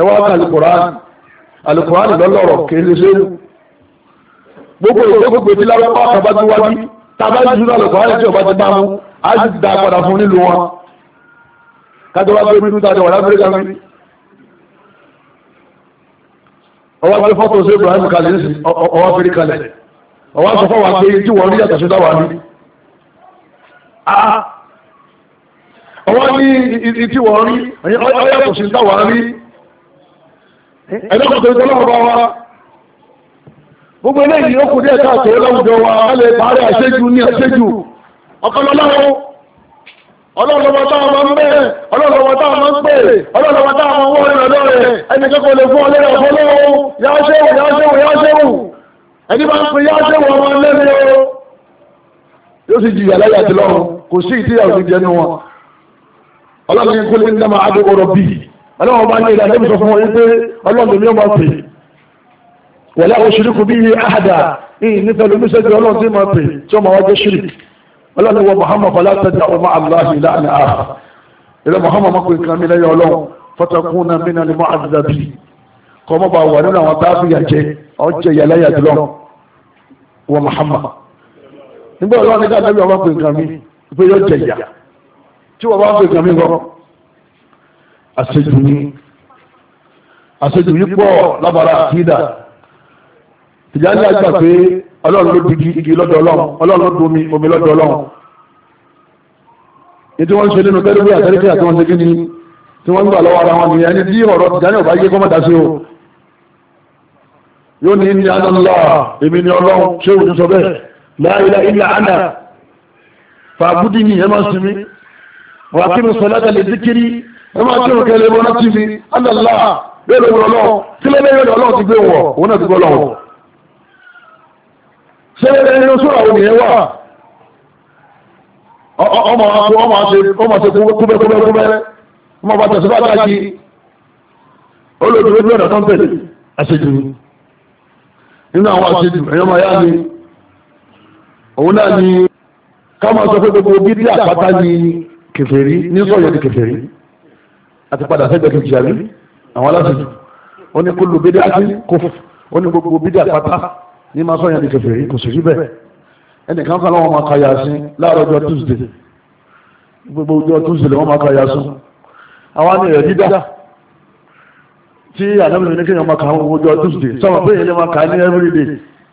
ẹwà alukùránì alukùránì lọ́lọ́rọ̀ kéèlésé gbogbo ìgbógbò tí lábẹ́pá ọ̀kàbá ti wá bí tàbá ti dúró alukùránì tí ọba ti bá mú a sì dá padà fún nílùú wọn kájọba gbé mi níta wà láfíríkà mi ọwọ́ gbé fọ́tò sí Ibrahim kalẹ̀ ní ọwọ́ fèrè kalẹ̀ ọwọ́ sọ fọ́wọ́ pé tí wọ́n rí yàtọ̀ sí dáwà ní ọwọ́ ní ìtí wọ́n rí ọyàtọ̀ sí dáwà ní ẹ̀dọ́kọ̀ tó ọba wa gbogbo eléyìí ó kù díẹ̀ káàtó wa a lè parí àṣejù ní àṣejù ọ̀pọ̀lọ́lọ́wọ́ ọlọ́lọ́wọ́ máa ń bẹ̀rẹ̀ máa ń máa ń wọ́n rẹ̀ lọ́rẹ̀ ẹni kẹ́kọ̀ọ́ lè fún ọlẹ́rẹ̀ yáṣẹ́wò yáṣẹ́wò yáṣẹ́wò ẹni ń pè yáṣẹ́wò ọmọ o i ti ọlọ́run bá ní ilẹ̀ àdébí sọ fún wọn wípé ọlọ́run mi ò máa pè wọlé àwọn ṣìríkù bí àhàdà ìyìn nífẹ̀ẹ́ lómi sẹ́jú ọlọ́run tí máa pè tí ó máa wájú ṣìríkù ọlọ́run wọ Muhammad fọlá tẹ́jà ọmọ aláhi láàrin àhà ilẹ̀ Muhammad mọ́ nǹkan mi lẹ́yìn ọlọ́run fọ́tàkùn náà mí náà ni mọ́ àdàbí kọ́ mọ́ bá wà nínú àwọn táàbù yàjẹ́ ọjẹ́ yàlẹ́yà jùlọ wọ Muhammad nígbà ọlọ́run ní àṣejù ní àṣejù yìí pọ̀ lábàárà àkídà tìjáde àgbà pé ọlọ́run ló di igi lọ́dọ̀ ọlọ́run ọlọ́run ló di omi omi lọ́dọ̀ ọlọ́run ní tí wọ́n ń ṣe nínú tẹ́lifí àtẹ́lifí àti wọ́n ṣe kí ni tí wọ́n ń gbà lọ́wọ́ ara wọn nìyẹn ní tí ọ̀rọ̀ tìjáde ọ̀bá yé kọ́mọ̀dá sí o yóò ní ní àdánlá èmi ni ọlọ́run ṣé òun sọ bẹ́ẹ̀ láìlá ilà àdá fàbúdí ni ẹ máa sinmi wà kí mi sọ látàlẹ́ síkiri ẹ máa tí òun kẹlẹ́ mọ́ná tv alàlá bẹ́ẹ̀ ló lọ́ọ́ kí ló lẹ́yìn ọ̀dọ̀ ọlọ́run ti gbé wọ̀ òun náà ti gbọ́ lọ́wọ́. ṣé ẹni sọ́ra òun yẹn wà ọmọ àpò ọmọ àṣẹ ọmọ àṣẹ kúbẹ́kúbẹ́kúbẹ́ ọmọ bàtà sí bàtà kí olóògbé bí ọ̀dọ̀ tó ń tẹ̀lé àṣejù nínú àwọn àṣejù ẹ̀yọ́ máa yá ni òun náà ni ká máa sọ pé gbogbo bíbí àpáta ni kèfèrí ní sọ̀yọ́ ni kèfèrí àti padà sẹ́gbẹ̀ẹ́ kejì àbí àwọn aláṣẹ ó ní kó lu bídí àti kó ó ní gbogbo bídí àpáta ní máa sọ yẹn ní kẹfẹ́ yìí kò sì rí bẹ́ẹ̀ ẹnìkan kan láwọn máa ka Yasin láàárọ̀ ọjọ́ Tuesday gbogbo ọjọ́ Tuesday lè wọ́n máa ka Yasin àwọn àmì rẹ̀ dídá tí àdámìnrin ní kéèyàn máa ka àwọn ọjọ́ Tuesday sọ́wọ́n pé èyí lè máa ka ní everyday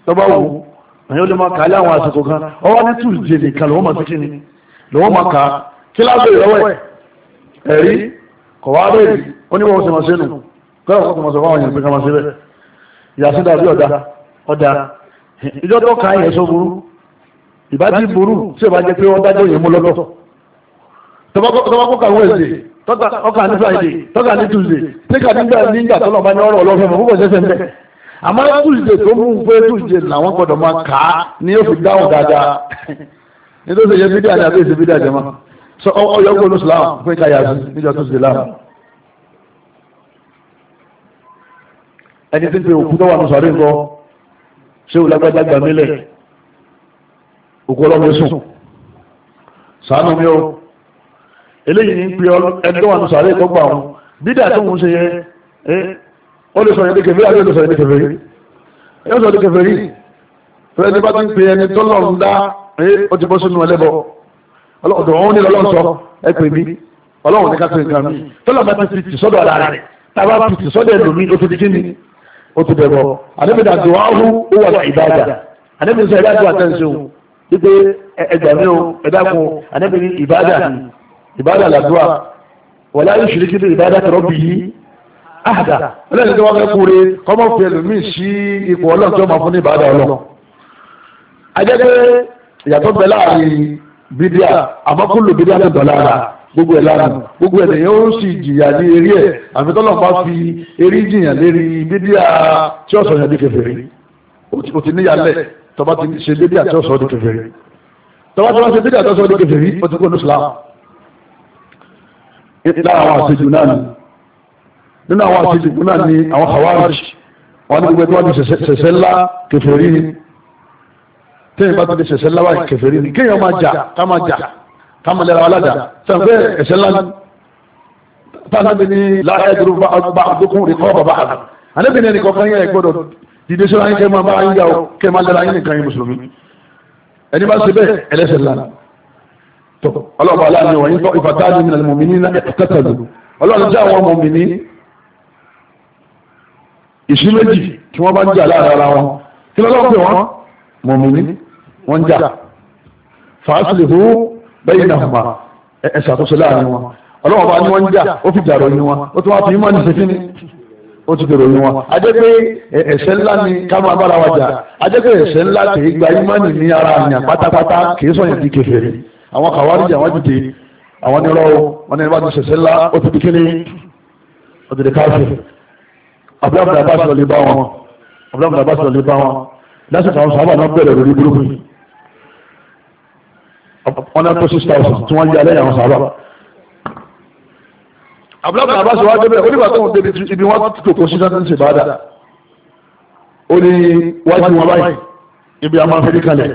tọ́ba wù èyí lè máa ka ní àwọn àsìkò kan ọwọ́ ní Tuesday nìkan lọ́wọ́ máa ti kí ni lọ́wọ́ máa ka kí lábẹ́ kọ̀wá bẹ́ẹ̀ onye ó sì máa ṣe nù kọ́lá kọ́kọ́ ma sọ fáwọn èèyàn pé ká máa ṣe bẹ́ẹ̀ ìyàsí dàbí ọ̀dà ọ̀dà ìjọ tó ka yẹn sọ burú ìbá ti burú tí ìbá jẹ pé wọ́n dájọ́ yẹn mú lọ́tọ̀ ní friday ní tuesday nígbà nígbà tó ní tuesday tó mú pé tuesday làwọn máa kà á ní yóò ọyọ oh, oh, gbọ́dọ̀ Islam pé ká yàtọ̀ níjọ tó Islam ẹni tí ń pe òkú tó wà ní sàrí nǹkan ṣé o lágbájá gbà mílẹ̀ òkú ọlọ́run sùn sànù mi o eléyìí ní pe ẹni tó wà ní sàrí nǹkan gbà wọn bídà tó ń ṣe yẹn ó lè sọ yẹn ní kẹfẹ́ àbí ó lè sọ yẹn ní kẹfẹ́ yìí yóò sọ yẹn ní kẹfẹ́ yìí fẹ́ẹ́ ní bá ti ń pe ẹni tó lọ́run dá ó ti bọ́ sínú ẹlẹ́bọ̀ọ́ ọlọ́dọ̀ òun ní lọ́lọ́sọ ẹ pè mí ọlọ́run ní ká pè nǹkan mi tọ́lá bá ti ti sọ́dọ̀ ara rẹ̀ tábà ti ti sọ́dọ̀ ẹlòmí ó ti di kíni ó ti bẹ̀rọ àdébí dàdú ọ̀hún ó wà ní ìbáàdà àdébí sọ ìbáàdà wà tẹ̀sí o wípé ẹgbẹ̀ mi o ẹ̀dákun àdébí ní ìbáàdà ìbáàdà làdúrà wà láyé ìṣiríkí ní ìbáàdà tọ̀rọ̀ bì í àdà ọlọ́run Bidia, àmọ́kúlò bidia tó dọ̀ lára gbogbo ẹ̀ lánàá gbogbo ẹ̀ lèyìn ó sì jìyà ní eré ẹ̀ àfitọ́lọ́ bá fi eré jìyàn lérí bídíà tí ó sọ̀yàn di kèfèrí o ti níyàlẹ̀ tọba ti ṣe bídíà tí ó sọ̀ di kèfèrí tọba tí wọ́n ṣe bídíà tí ó sọ̀ di kèfèrí ó ti kó ní Islam lára àwọn àṣejù náà ni nínú àwọn àṣejù náà ni àwọn Khawarij wọn ní gbogbo ẹgbẹ́ wọn ti ṣẹ̀ṣẹ̀ ńlá kèfèrí ni téèyàn bá tó di ṣẹ̀ṣẹ̀ láwàá kèfèrí ni kéèyàn máa jà ká máa jà ká máa lẹ́ra wa ládàá sàǹfẹ́ ẹ̀ṣẹ̀ ńlá tàbí ní láyé dúró bá àdókùn rí kọ́ bàbá àgbà àdébìnrin ẹnì kọ̀ọ̀kan yẹn gbọ́dọ̀ dìde sọ́ra yín kẹ́ máa bá yín yà ó kẹ́ yín nìkan yín mùsùlùmí ẹni bá ṣe bẹ́ẹ̀ ẹlẹ́ṣẹ̀ ńlá tó ọlọ́ọ̀bá aláàánú wọ̀nyí tó ìfàtà ní ìlànà mọ̀mìnì náà tẹ́tẹ̀lú ọlọ́run mọ̀mìnì wọ́n ń jà fàásìlì hó bẹ́yìn náà mà ẹ̀ṣà tó ṣe láàrin wọn ọlọ́wọ́ bá ní wọ́n ń jà ó fi jà ròyìn wọn ó tún wá fi mọ́ni ṣe kíni ó ti dèrò yín wọn ajẹ́ pé ẹ̀ṣẹ̀ ńlá ni ká máa bára wa jà ajẹ́ pé ẹ̀ṣẹ̀ ńlá kì í gba ìmọ̀nì ní ara àyàn pátápátá kì í sọ̀yàn di kèfèrí àwọn kàwárí àwọn dìde àwọn nírọ̀ wọn ní ìbájú ṣẹ̀ṣẹ̀ ńlá ó ti di kíni ó ti di káfíìn abúlé abúlé abá sọ̀rọ̀ bá wọn abúlé abúlé abá sọ̀rọ̀ bá wọn lásìkò àwọn sábà náà bẹ̀rẹ̀ lórí burúkú wọn náà tó six thousand tí wọ́n yá lẹ́yìn àwọn sábà. abúlọ́kà àbáṣe wa débẹ̀ onígbà tó ń débi ibi wọn tó kó sísá ní ìbáadà ó ní wájú wọn báyìí ibi àwọn afẹ́rí kalẹ̀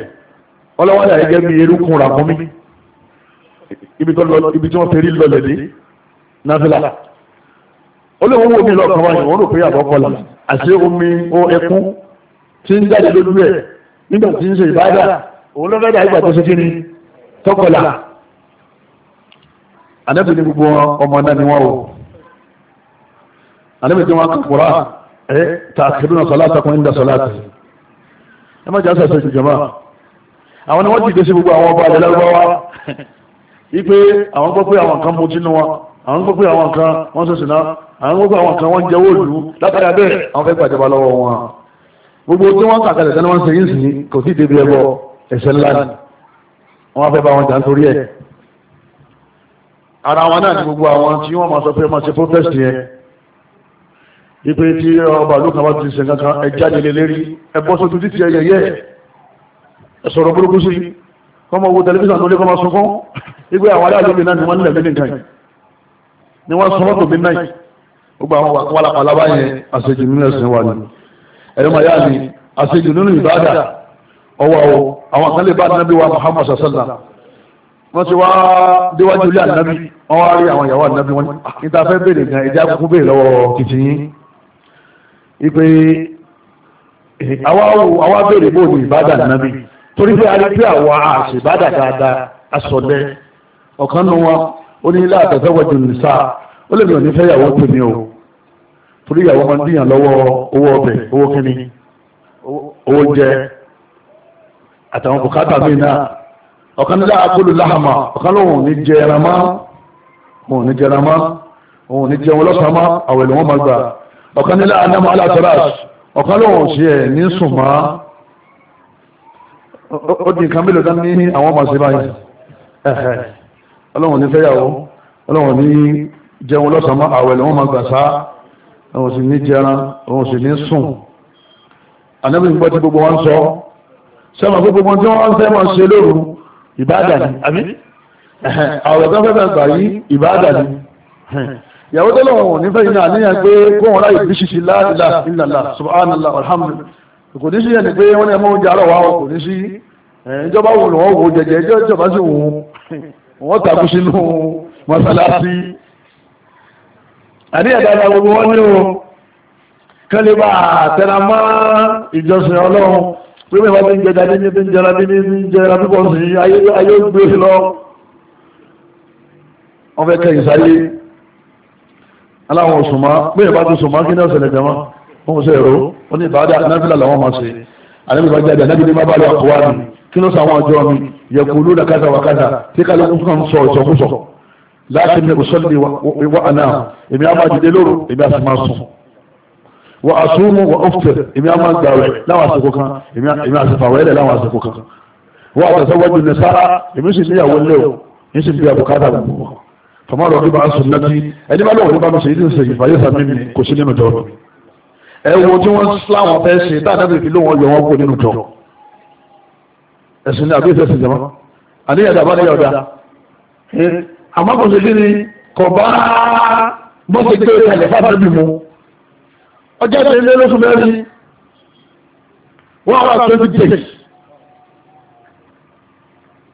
wọn lọ́wọ́ yà gẹ́gẹ́ bí erúkún rà fún mi ibi tí wọ́n fẹ́rí lọlẹ̀ dé náfìlà ó lè wọ́n wo mi lọ́kàn wáyé wọ́n rò pé àbọ̀kọ́ la àṣé omi ó ẹkún tí ń jáde lójú rẹ̀ nígbà tí ń ṣe ìbáadà òun lọ́fẹ́ dà ìgbà tó ṣe kíni tọkọlà ànábì ní gbogbo ọmọ náà ni wọ́n o ànábì tí wọ́n kàkùrá ẹ tààkìrì náà sọlá àtàkùn ìdá sọlá àti ẹ má jẹ́ àṣà ìṣẹ̀jù jọba àwọn ni wọ́n jìde sí gbogbo àwọn ọba àlẹ́ lárúbáwá wípé àwọn gbọ́ pé àwọn kan mutí nínú wọn àwọn gbogbo àwọn kan wọ́n sọ̀sìn náà àwọn gbogbo àwọn kan wọ́n jẹ́wọ́ ìlú látara bẹ́ẹ̀ àwọn fẹ́ gbàjọba lọ́wọ́ wọn gbogbo tí wọ́n kàkàlẹ̀ tẹ́lẹ̀ wọ́n ń sèyí sí kò sí débi ẹbọ ẹ̀ṣẹ̀ ńlá ni wọ́n fẹ́ bá wọn jà nítorí ẹ̀ ara wọn náà ni gbogbo àwọn tí wọ́n máa sọ pé máa ṣe protest yẹn ipe tí ọba ìlú kan bá ti ṣe kankan ẹ jáde lé lérí ẹ bọ́ sójú títí ẹ yẹyẹ ẹ sọ̀rọ̀ burúkú sí kọ́ máa wo tẹlifíṣàn tó lé kọ́ máa sunkún igbe àwọn aláàlú mi náà ni wọ́n nílẹ̀ mí nìkan ni wọ́n sọ mọ́tò mi náà gbogbo àwọn wàkúwàlàpàlà báyẹn àṣejù nílẹ̀ ẹ̀rọ màá yá mi àṣejù nínú ìbáàdà ọwọ́ o àwọn kan lè bá ànábì wa Muhammad sallam wọ́n ti wá déwájú ilé ànábì wọ́n wá rí àwọn ìyàwó ànábì wọn ah, ní ta fẹ́ béèrè gan ẹja kúkú béèrè lọ́wọ́ kìtì yín ipe eh, àwa béèrè bóòlù ìbáàdà ànábì torí pé a rí pé àwa àṣìbáàdà dáadáa aṣọ̀lẹ̀ ọ̀kan nu wọn ó ní ilé àtẹ̀fẹ́wọ̀jù torí ìyàwó máa ń díyàn lọ́wọ́ owó ọbẹ̀ owó kíní owó jẹ àtàwọn bùkátà míì náà ọ̀kan nílá akólú láhàmà ọ̀kan lóhùn ní jẹ ẹran mọ́ òun ní jẹ ẹran mọ́ òun ní jẹun lọ́sàn-án mọ́ àwẹ̀ lòun máa gbà ọ̀kan nílá anamọ́ alátọ́ràṣì ọ̀kan lóhùn sí ẹ̀ ní sùn mọ́ ó di nǹkan mélòó dání ní àwọn ọmọ sí báyìí ọlọ́run ní fẹ́yàwó ọlọ́run ní jẹun lọ́sàn-án mọ́ máa gbà sáà òun sì ní jẹran òun sì ní sùn ànábì gbọ́ tí gbogbo wọn sọ sẹ́wọ̀n pé gbogbo tí wọ́n fẹ́ mọ̀ ṣe lóru ìbáàdà ni àbí àwọ̀ tó fẹ́fẹ́ gbà yí ìbáàdà ni ìyàwó tó lọ́wọ́ wọn nífẹ̀ẹ́ iná àníyàn pé kó wọn láyé bíṣìṣì láàdìlà ìlàlà subhanallah alhamdulillah kò ní sí ẹni pé wọ́n ní ẹmọ oúnjẹ àárọ̀ wa kò ní sí ìjọba wo lọ́wọ́ wo jẹjẹ ìjọba sì wù wọ́n takú sínú mọ́sálásí àdíyà dáadáa gbogbo wọn ní o kẹ́lẹ́ bá tẹ́ra mọ́ ìjọsìn ọlọ́run pé mẹ́fà bí ń jẹ dáadé ní bí ń jẹra bí ní bí ń jẹra bí bọ́ọ̀sì ayé gbé lọ wọ́n fẹ́ kẹ́yìn sáyé aláwọn òṣùmá pé ìbá ti sùnmá kí náà ṣẹlẹ̀ jẹmọ́ wọ́n sọ èrò wọ́n ní ìbáadà náfìlà làwọn máa ṣe àlẹ́bí bá jáde àlẹ́bí ní má bá lọ àkọwá mi kí ló sọ àwọn ọjọ́ mi yẹ kó lódà kásà wákásà tí kálukú kan sọ ìsọkúsọ láti ní òṣèlú wa àná èmi á máa dìde lóru èmi á sì máa sùn wa àsùnmù wa ọ̀fẹ́ èmi á máa gbàwẹ̀ láwọn àsìkò kan èmi á sì fàwẹ̀ lẹ̀ láwọn àsìkò kan wa àtẹ̀sẹ́wọ́jú ní sára èmi sì níyàwó lé o ní sì bí abùkátà gbogbo fama lọ bí ba sùn lẹ́tí ẹni bá lọ́wọ́ nípa mọ̀sẹ̀ yìí ti ń sèyí fàyè sàmì mi kò sí nínú jọ ẹ wo tí wọ́n láwọn fẹ́ ṣe tá àdábì fi lóun ọyọ wọn kó nínú jọ ẹ̀sìn ní àbí ìfẹ́ sí jama àmọ́ kò sí kíni kò bá bó ti gbé kalẹ̀ fáfárí bì mú ọjọ́ ìpè ilé lóṣù mẹ́rin wọ́n wá twenty days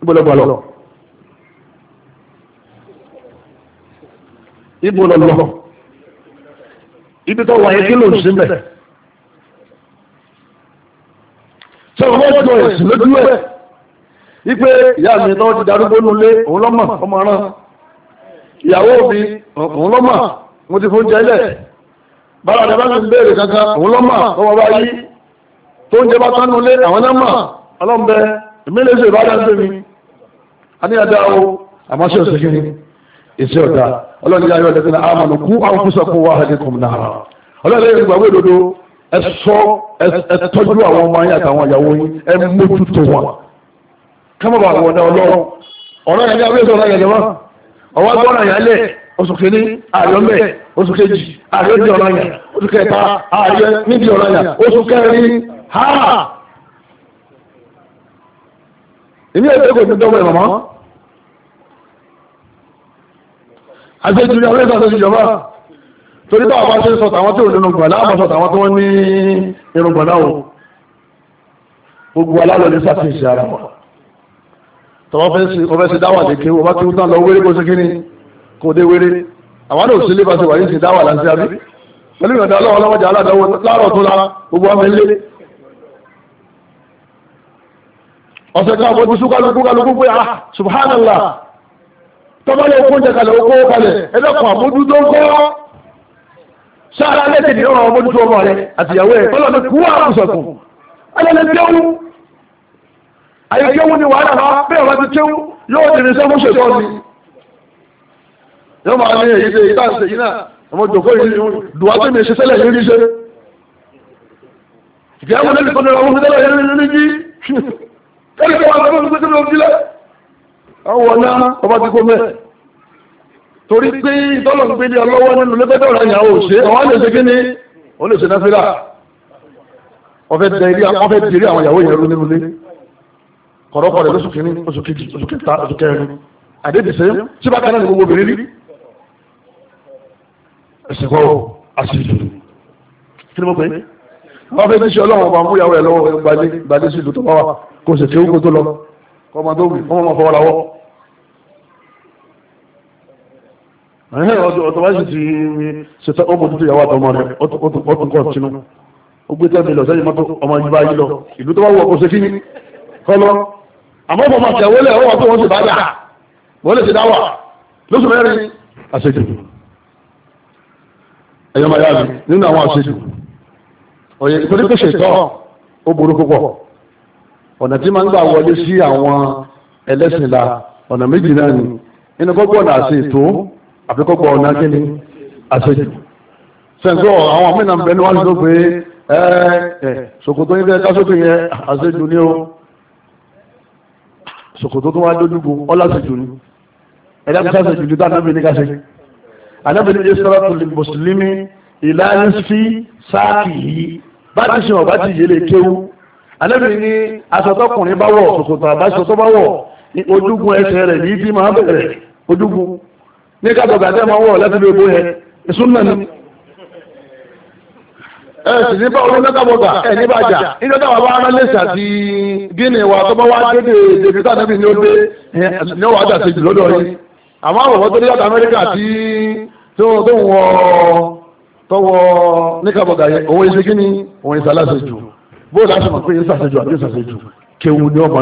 ìbòlọ́bọ̀lọ́ ìbòlọ́lọ́ ibi tó wáyé kí ló ń sílẹ̀ tí wọ́n bá tó ẹ̀sìn lójú ẹ̀ wípé ìyá mi tó ti darúgbó nulẹ̀ òun lọ́mọ ọmọ rán ìyàwó mi òun lọ́mà mo ti fún jẹ́lẹ̀ bára rẹ̀ bá ti kankan òun lọ́mà ọmọ bá yí tó ń jẹ bá tánú lé àwọn náà mà ọlọ́mbẹ ṣe ìbára ń o àmọ́ ṣe ni èsì ọ̀dà ọlọ́run kú àwọn kùn náà ọlọ́run gbàgbé dodo ẹ sọ ẹ tọ́jú àwọn ọmọ yín àtàwọn ìyàwó yín ẹ mójútó wọn bá ọwọ́ gbọ́nà yà lẹ̀ oṣù kìíní ààyọ mẹ́ oṣù kejì ààyọ di ọ̀rọ̀ yà oṣù kẹta ààyọ níbi ọ̀rọ̀ yà oṣù kẹrin ha. èmi ẹ̀ lóko ìpínlẹ̀ ọmọ ẹ̀ màmá. àjẹjù ni àwọn ẹ̀ka ṣe jọba torí bá àwọn ṣe sọ tàwọn tí ò nínú gbọ̀dá àwọn sọ tọ́wọ́ fẹ́ sí dáwà lè kéwò bá kéwò tán lọ wéré kó sí kíní kò dé wéré àwọn àdó sí lébàṣẹ wà ní sí dáwà láti àbí pẹ̀lú ìrọ̀dá ọlọ́wọ́ ọlọ́wọ́jà aládọ́wọ́ láàárọ̀ tó lára gbogbo ọmọ ilé ọ̀sẹ̀ kan àbọ̀ ìbùsùn kálukú kálukú pé ah subhanallah tọ́ba lè kó jẹ kalẹ̀ okó kalẹ̀ ẹlẹ́kùn àmójútó ń kọ́ sára lẹ́tẹ̀ẹ́ ní ọ̀rọ̀ àmójútó ọmọ rẹ̀ àtìyàwó ẹ̀ tọ́lọ́ ayé kéwú ni wàhálà náà bẹ́ẹ̀ wá ti kéwú yóò di irinṣẹ́ fún ṣètò ni yóò máa ní èyí ṣe ìta ṣe yìí náà àwọn jòkó yìí dùwà tó mi ṣe tẹ́lẹ̀ yìí ṣe ìgbà wọn lẹ́nu kan lọ́wọ́ fún tẹ́lẹ̀ yìí ní jí kẹ́lẹ́ kí wọ́n lọ́wọ́ fún tẹ́lẹ̀ yìí lẹ́ àwọn ọ̀nà ọba ti kó mẹ́ torí pé ìtọ́lọ̀ ń gbélé ọlọ́wọ́ nínú lẹ́gbẹ́dẹ́ ọ̀rọ̀ yà ó ṣe àwọn lè ṣe kí ni ó lè ṣe kọ̀rọ̀kọ̀ rẹ̀ lóṣù kìíní oṣù kejì oṣù kẹta oṣù kẹrin àdébìsẹ́ tí bá kánà ní gbogbo obìnrin rí ẹ̀sìn kọ́ àṣìlù kí ni mo pè é wọ́n fẹ́ níṣẹ́ ọlọ́run ọba múyàwó ẹ̀ lọ́wọ́ gbalé gbalé sí ìlú tó bá wà kó sì kéwú kó tó lọ kọ́ ọmọ tó wù kọ́ ọmọ fọwọ́ lawọ́. ọ̀tọ̀ wá sì ti ṣètò ọmọ tuntun ìyàwó àtọmọ rẹ̀ ó kọ́ tinú ó gbé tẹ́ẹ̀mì lọ sẹ́yìn mọ́tò ọmọ ìgbà yìí lọ ìlú tó bá wù ọkọ̀ ṣe kí ni kọ́ lọ́wọ́ àmọ́ bọ̀ máa tẹ̀wọ́lẹ̀ ọwọ́ tó wọ́n ti bá dà wọ́n lè ti dáwà lóṣù mẹ́rin àṣejù ẹ̀yọ́ máa yá mi nínú àwọn àṣejù ọ̀yẹ̀ ìtòrí pèsè tọ́ ó burú púpọ̀ ọ̀nà tí máa ń gbà wọlé sí àwọn ẹlẹ́sìn la ọ̀nà méjì náà ni nínú gbogbo ọ̀nà àṣe ètò àfi ọ̀nà kíni àṣejù sẹ́ńtọ́ àwọn àmì náà bẹ́ẹ̀ ni wọ́n tó pé ẹ̀ẹ́ ṣòkòtò yín fẹ́ káṣókè yẹn àṣejù ni ó Sokoto tó wá dójúbo ọlásìjù ni ẹ̀dá kò sáà ṣèjù tó ànábì ní ká ṣe ànábì ní yé sọ́rọ́ tó lè mùsùlùmí ìlànà sí sáàkì yìí bá ti ṣe ọ̀bá ti yẹlé kéwú ànábì ní aṣọ tọkùnrin bá wọ̀ ṣòkòtò àbáṣọ bá wọ̀ ojúgun ẹsẹ̀ rẹ̀ yìí ti máa bẹ̀rẹ̀ ojúgun ní ká ẹ sì ní bá olóńgbàbọ̀gbà ẹ ní bàjá nígbà táwọn bá rán lẹ́sẹ̀ àti gíní wa tó bá wá dédé débi sànẹ́bì ní ó dé ní ó wà dà sí jù lọ́dọ̀ yìí àmọ́ àwòrán tó dé láti Amẹ́ríkà tí tó ń wọ tó wọ nígbàbọ̀gbà yẹn òun ìṣe gíní òun ìṣe aláṣejù bóyá láti mọ̀ pé ìṣàṣejù àbí ìṣàṣejù kéwu ni ọmọ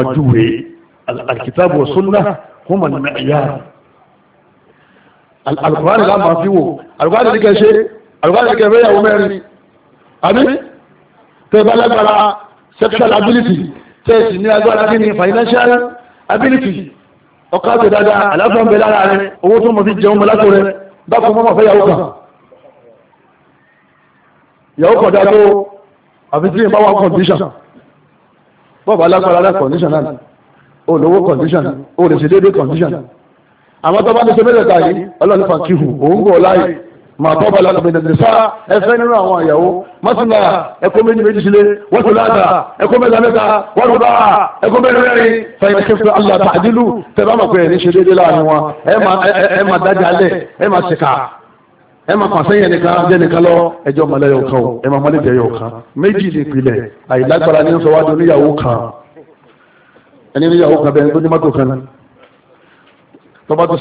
sunna huma al-ma'yar alukuraani la máa fi wò alukuraani ni kẹ ṣe alukuraani ni àbí tẹ́ẹ̀bá lágbára sexual ability tẹ́ẹ̀sì ní agbára kí ni financial ability ọkà tó dáadáa àlàáfíà ń bẹ lára rẹ owó tó mọ̀ fi jẹun mọ́ látò rẹ bákan mọ́ fẹ́ yàwó kan yàwó kan dáa tó àfi tí ìbá condition bọ́ọ̀bù alágbára rẹ condition náà olówó condition olùsèdédé condition àwọn tó bá ní sẹ́mẹ́lẹ̀ ta yìí ọlọ́ọ̀lù fàkíhù òun kò láyé máa tọ́ balẹ̀ àgbẹ̀ ìdàgbẹ̀sá ẹsẹ̀ nínú àwọn àyàwó mọ́sánà ẹ̀kọ́ méjì méjì sílé wọ́n tó láta ẹ̀kọ́ mẹ́ta mẹ́ta wọ́n ẹ̀kọ́ mẹ́rin mẹ́rin fẹ̀yìn kẹfẹ́ allah tàdílù tẹ̀bá máa pẹ̀lú ṣe déédéé láàrin wọn ẹ máa dájà alẹ̀ ẹ máa ṣèkà ẹ máa pàṣẹ yẹn nìkan jẹ́ nìkan lọ ẹjọ́ mọ̀lẹ́ yóò kan ẹ máa mọ́lẹ́ jẹ́ yóò kan méjì nípìnlẹ̀ àìlágbára ní sọ wájú oníyàwó kan ẹni oníyàwó kan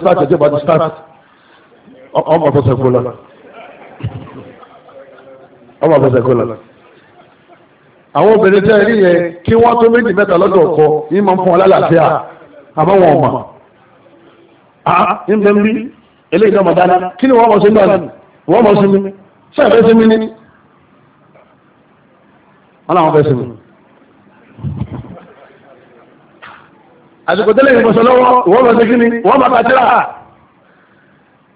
bẹ́ẹ̀ tó ọmọ tó sẹ́kù ọmọ àfẹsẹ̀ kọlà àwọn obìnrin tẹ́ rí yẹn kí wọ́n tó méjì mẹ́ta lọ́dọ̀ ọkọ yìí máa ń fún wọn lálàáfíà àbáwọn ọmọ ń bẹ ń eléyìí náà máa dáná kí ni wọ́n mọ̀ sí ń dáná wọ́n mọ̀ sí mi ṣé ẹ̀fẹ́ sí mi ní wọ́n làwọn fẹ́ sí mi. àsìkò tẹ́lẹ̀ ìmọ̀sán lọ́wọ́ wọ́n mọ̀ sí kí ni wọ́n mọ̀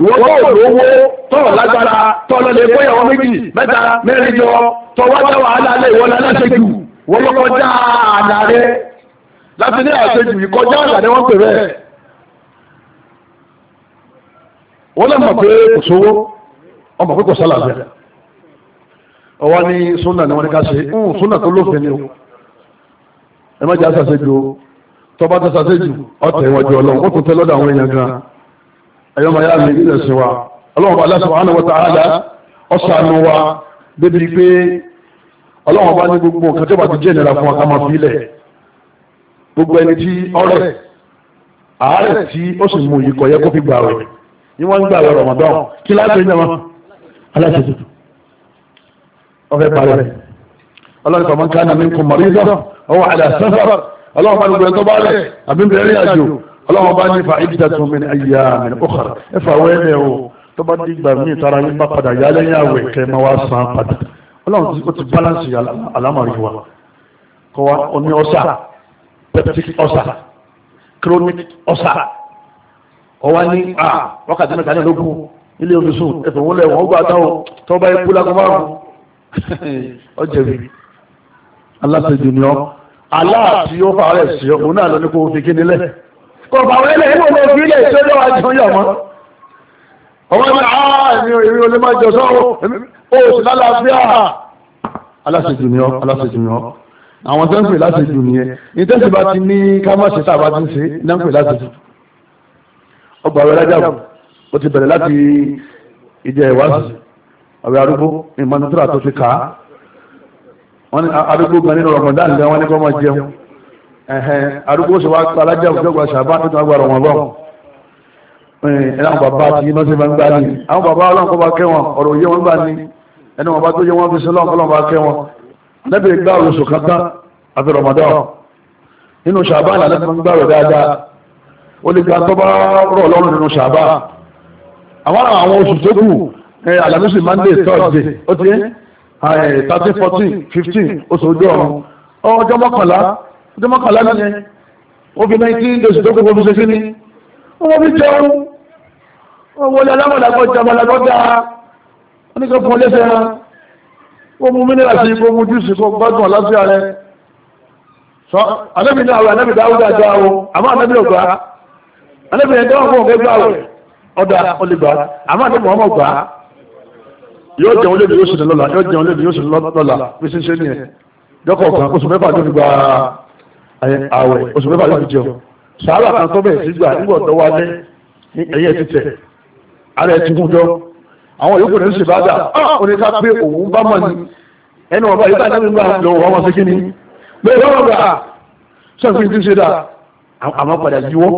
wọ́n tó lówó tọ́ lágbára tọ́ lọ́lẹ̀ gbóyàwó méjì mẹ́ta mẹ́rin jọ tọwọ́jọ́ wàhálà wọ́n lálẹ́sẹ̀jù wọ́n lọ kọjá àlà rẹ̀ láti ní àṣejù ìkọjá àlà rẹ̀ wọ́n pèrè wọ́n wọ́n ní ká ẹ̀yọ́ máa yá mi nílẹ̀ sí wa ọlọ́run bá subhanahu wa ta'ala ọ̀sánú wa débi pé ní gbogbo nǹkan tó bá ti jẹ́ fún gbogbo ẹni tí ọrẹ àárẹ̀ tí ó sì mú yìí yẹ kó fi gbà rẹ̀ ni wọ́n ń gbà rẹ̀ Ramadan kí láti parí rẹ̀ kọ̀ọ̀mọ́ mọ̀rí ọlọ́wọ́n bá nífa ìdíjà tó mi ní ayé àmì ọkàrà ẹ fà wẹ́lẹ̀ o tó bá dìgbà míì tara yín bá padà yálé yín àwẹ̀ kẹ́ máa wá san padà ọlọ́run ti ó ti balance àlámọ̀rí wa kọ́ wa oní ọ̀sà peptic ọ̀sà chronic ọ̀sà ọ̀wá ní a wákàtí mẹ́ta náà lógún ilé omi sùn ẹ̀fẹ̀ wọlé wọn gbà táwọn tó bá ikú lágùn márùn ọjẹ̀bi aláṣẹ jù ni ọ aláàtí ó fà kọ̀ọ̀bà wẹ́lẹ̀ ẹ̀mọ́ ọmọ ìfilẹ̀ tí ó lọ́wọ́ àjọ yà mọ́. ọmọ ìwé ààrẹ máa jọ sọ́wọ́ oṣù lálàáfíà aláṣejù ni ọ́ aláṣejù ni ọ́ àwọn tó ń pè láṣejù nìyẹn ní tẹ́sí bá ti ní ká má ṣe tàbá ti ń ṣe náà ń pè láṣejù. ọgbà wẹ́rẹ́ Rájàbù ó ti bẹ̀rẹ̀ láti ìjẹ ìwáṣì ọ̀rẹ́ arúgbó ìmọ̀nìtúrà tó fi kà Ramadan gan wọ́n ní arúgbó ṣe wá alájà òjògbà ṣàbá tó tán gbàrọ̀ wọn bọ́ ẹ̀rọ àwọn bàbá ti iná sí máa ń gbà ní àwọn bàbá ọlọ́run kọ́ bá kẹ́ wọn ọ̀rọ̀ òye wọn gbà ní ẹni wọn bá tó yẹ wọn fi sílọ́ọ̀ kọ́ lọ́ọ̀ bá kẹ́ wọn lẹ́bi gbà oṣù kan tán àfi rọ̀mọ̀dọ́ nínú ṣàbá ìlànà tó ń gbà rọ̀ dáadáa ó lè gba tó bá rọ̀ lọ́rùn nínú ṣàbá àwọn àwọn oṣù tó kù alamisi monday thursday ó ti thirteen fourteen fifteen oṣù ojú ọ̀run ọjọ́ mọ́kànlá ọjọ́ mọ́kànlá lọ́nà ó fi 19 days tó kó fún ṣe sí ni wọ́n fi jẹun wọ́n wọlé alámọ̀lágbọ́ jàmọ̀lágbọ́ dáa wọ́n ní kó fún ọlẹ́sẹ̀ rán ó mú mínírà sí kó mú júùsì kó gbádùn àlàáfíà rẹ̀ sọ anábì náà wẹ̀ anábì dáwọ́ dá o àmọ́ anábì ò gbà á anábì yẹn dáwọ́ fún ọ̀gá gbà wẹ̀ ọ̀dà olùgbà àmọ́ anábì wọn mọ̀ gbà á yóò jẹun lébi yóò sì lọ́la yóò jẹun lébi yóò sì lọ́la fi ṣiṣẹ́ nìyẹn dọ́kọ̀ kan oṣù mẹ́fà tó fi gbà á àwẹ̀ oṣù mẹ́fà ló fi jẹun sàárà kan tó bẹ̀rẹ̀ sígbà nígbà tó wá lẹ́ ní ẹ̀yẹ títẹ̀ ara ẹ̀ ti kún jọ àwọn yòókù rẹ̀ ń ṣe bàdà ah, ó ní ká pé òun bá mọ̀ ní ẹnu ọba yìí bá dábì ń bá lọ wọ́n wọn ṣe kí ni bẹ́ẹ̀ lọ́wọ́ gbà sọ́kùnrin ti ṣe dà àmọ́ padà yíwọ́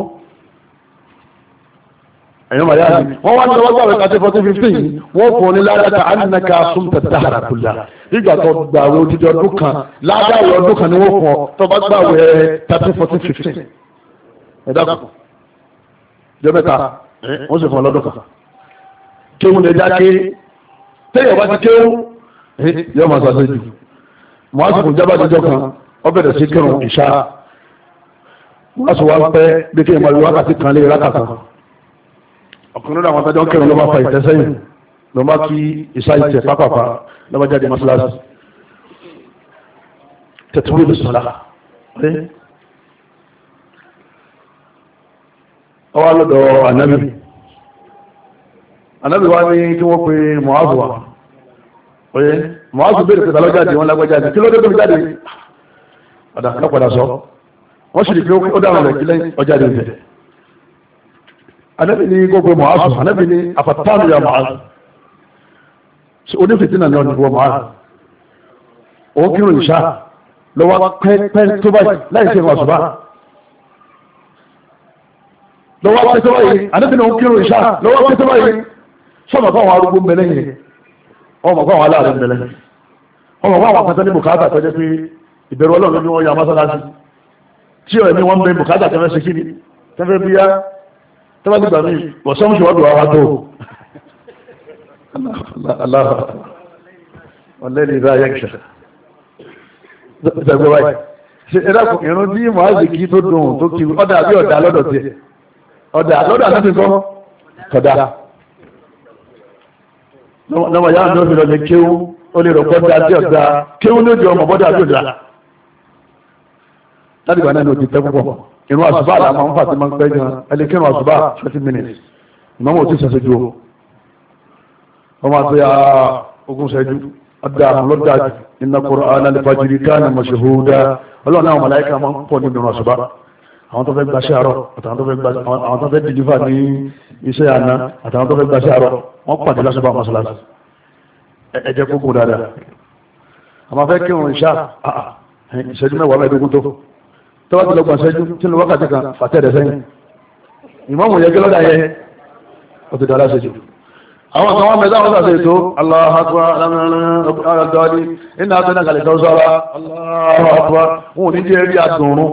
ẹ̀yọ́ màá yára wọ́n wá ní ọwọ́ gbàwé kàtí fourteen fifteen wọ́n fún ní ládàkà ànínàkà súnmùtà dáhàrà kùlà nígbà tó gbàwé odidi ọdún kan ládàwé ọdún kan ni wọ́n fún ọ tó bá gbàwé thirteen fourteen fifteen ẹ̀dá kù jẹ́ mẹ́ta wọ́n sì fún ọ lọ́dún kan kéwù lè dá ké téèyàn bá ti kéwù yóò máa sàṣẹ jù màá sì kún jábàá jíjọ kan ọ bẹ̀rẹ̀ sí kírun ìṣá wọ́n sì wá pẹ́ bí kéèyàn ọkùnrin náà àwọn adájọ́ kẹrin ló bá fa ìtẹ́sẹ́yìn ló bá kí ìṣá ìtẹ̀ pápápá ló bá jáde mọ́ṣáláṣí tẹ̀tún ìlú sọ̀lá ọwọ́ lọ́dọ̀ ànábì ànábì wa ní kí wọ́n pe mọ̀áfù wa oye mọ̀áfù bèrè pẹ̀lú alájáde wọn lágbájáde kí ló dé tó fi jáde ọ̀dà kan padà sọ wọ́n sì rí pé ó dáhùn rẹ̀ kí lẹ́yìn ọjáde ìfẹ́ anabi ni gbogbo mu'azu anabi ni afatanu ya mu'azu ṣe onífìtínà ni ọ̀nà ìwọ mu'azu òun kírun ìṣá lọ́wọ́ pẹ́ẹ́pẹ́ tó báyìí láì ṣe ìwọ̀n ṣùgbọ́n lọ́wọ́ pẹ́ẹ́ tó báyìí anabi ni òun kírun ìṣá lọ́wọ́ pẹ́ẹ́ tó báyìí sọ̀rọ̀ fún àwọn arúgbó mbẹ́lẹ́ yẹn ọmọ fún àwọn aláàrẹ mbẹ́lẹ́ ọmọ fún àwọn akẹ́tẹ́ ní bùkátà tọ́jú pé ìbẹ̀rù ọlọ́run ni wọ́n ya mọ́sálásí tí ẹ̀mí wọn bẹ bùkátà tẹ́fẹ́ ṣe tẹ́fẹ́ bíyá tọ́wọ́ gbígbà mí wọ̀sán ṣe wọ́dọ̀ wá tó aláwọ̀ ọ̀lẹ́ni ìdá ayẹ́kṣà ìjàgbé wáyé ṣe ẹ̀dàkùn ìrún bí mọ̀ áìsìkí tó dùn tó kí ọ̀dà bí ọ̀dà lọ́dọ̀ tiẹ̀ ọ̀dà lọ́dọ̀ àti nǹkan kọ̀dà lọ́wọ́ yára ní òfin lọ́dẹ kéwú ó lè rọ̀pọ̀ dá sí ọ̀dà kéwú ní òjò ọmọ bọ́dà bí ọ̀dà láti gbà náà ní òjò tẹ́ púpọ̀ irun àsùbá àlàmà ń fàtí máa ń pẹ́ gan ẹni kírun àsùbá twenty minutes ìmọ̀mọ́ ò tí ì ṣẹ̀ṣẹ̀ ju o ọmọ àti ah, ogún ṣẹ́jú ọ̀dà lọ́dà inna Qur'ana al-fajri kana mashhuda ọlọ́run àwọn màláíkà máa ń pọ̀ nínú irun àsùbá àwọn tó fẹ́ gbaṣẹ́ àárọ̀ àtàwọn tó fẹ́ dìdífà ní iṣẹ́ àná àtàwọn tó fẹ́ gbaṣẹ́ àárọ̀ wọ́n pàdé lásùbà mọ́ṣáláṣí ẹ̀jẹ̀ kókó dáadáa àmọ́ fẹ́ kírun ìṣá ah, ah, ìṣẹ́jú mẹ́wàá mẹ́ẹ̀ẹ́dógún tó tó bá ti lọ gbọ̀n ṣẹ́jú tí lọ wákàtí kan fàtẹ́rẹ̀ sẹ́yìn ìmọ̀mù yẹ kí yẹ ó ti dára ṣẹ́jú àwọn kan wọ́n mẹ́ta wọ́n sàṣẹ́ ètò Allahu Akbar alámọ́lẹ́dọ́dí nínú àtúnà kàlẹ̀ tó sọ́ra Allahu Akbar wọn ò ní jẹ́ rí adùnrún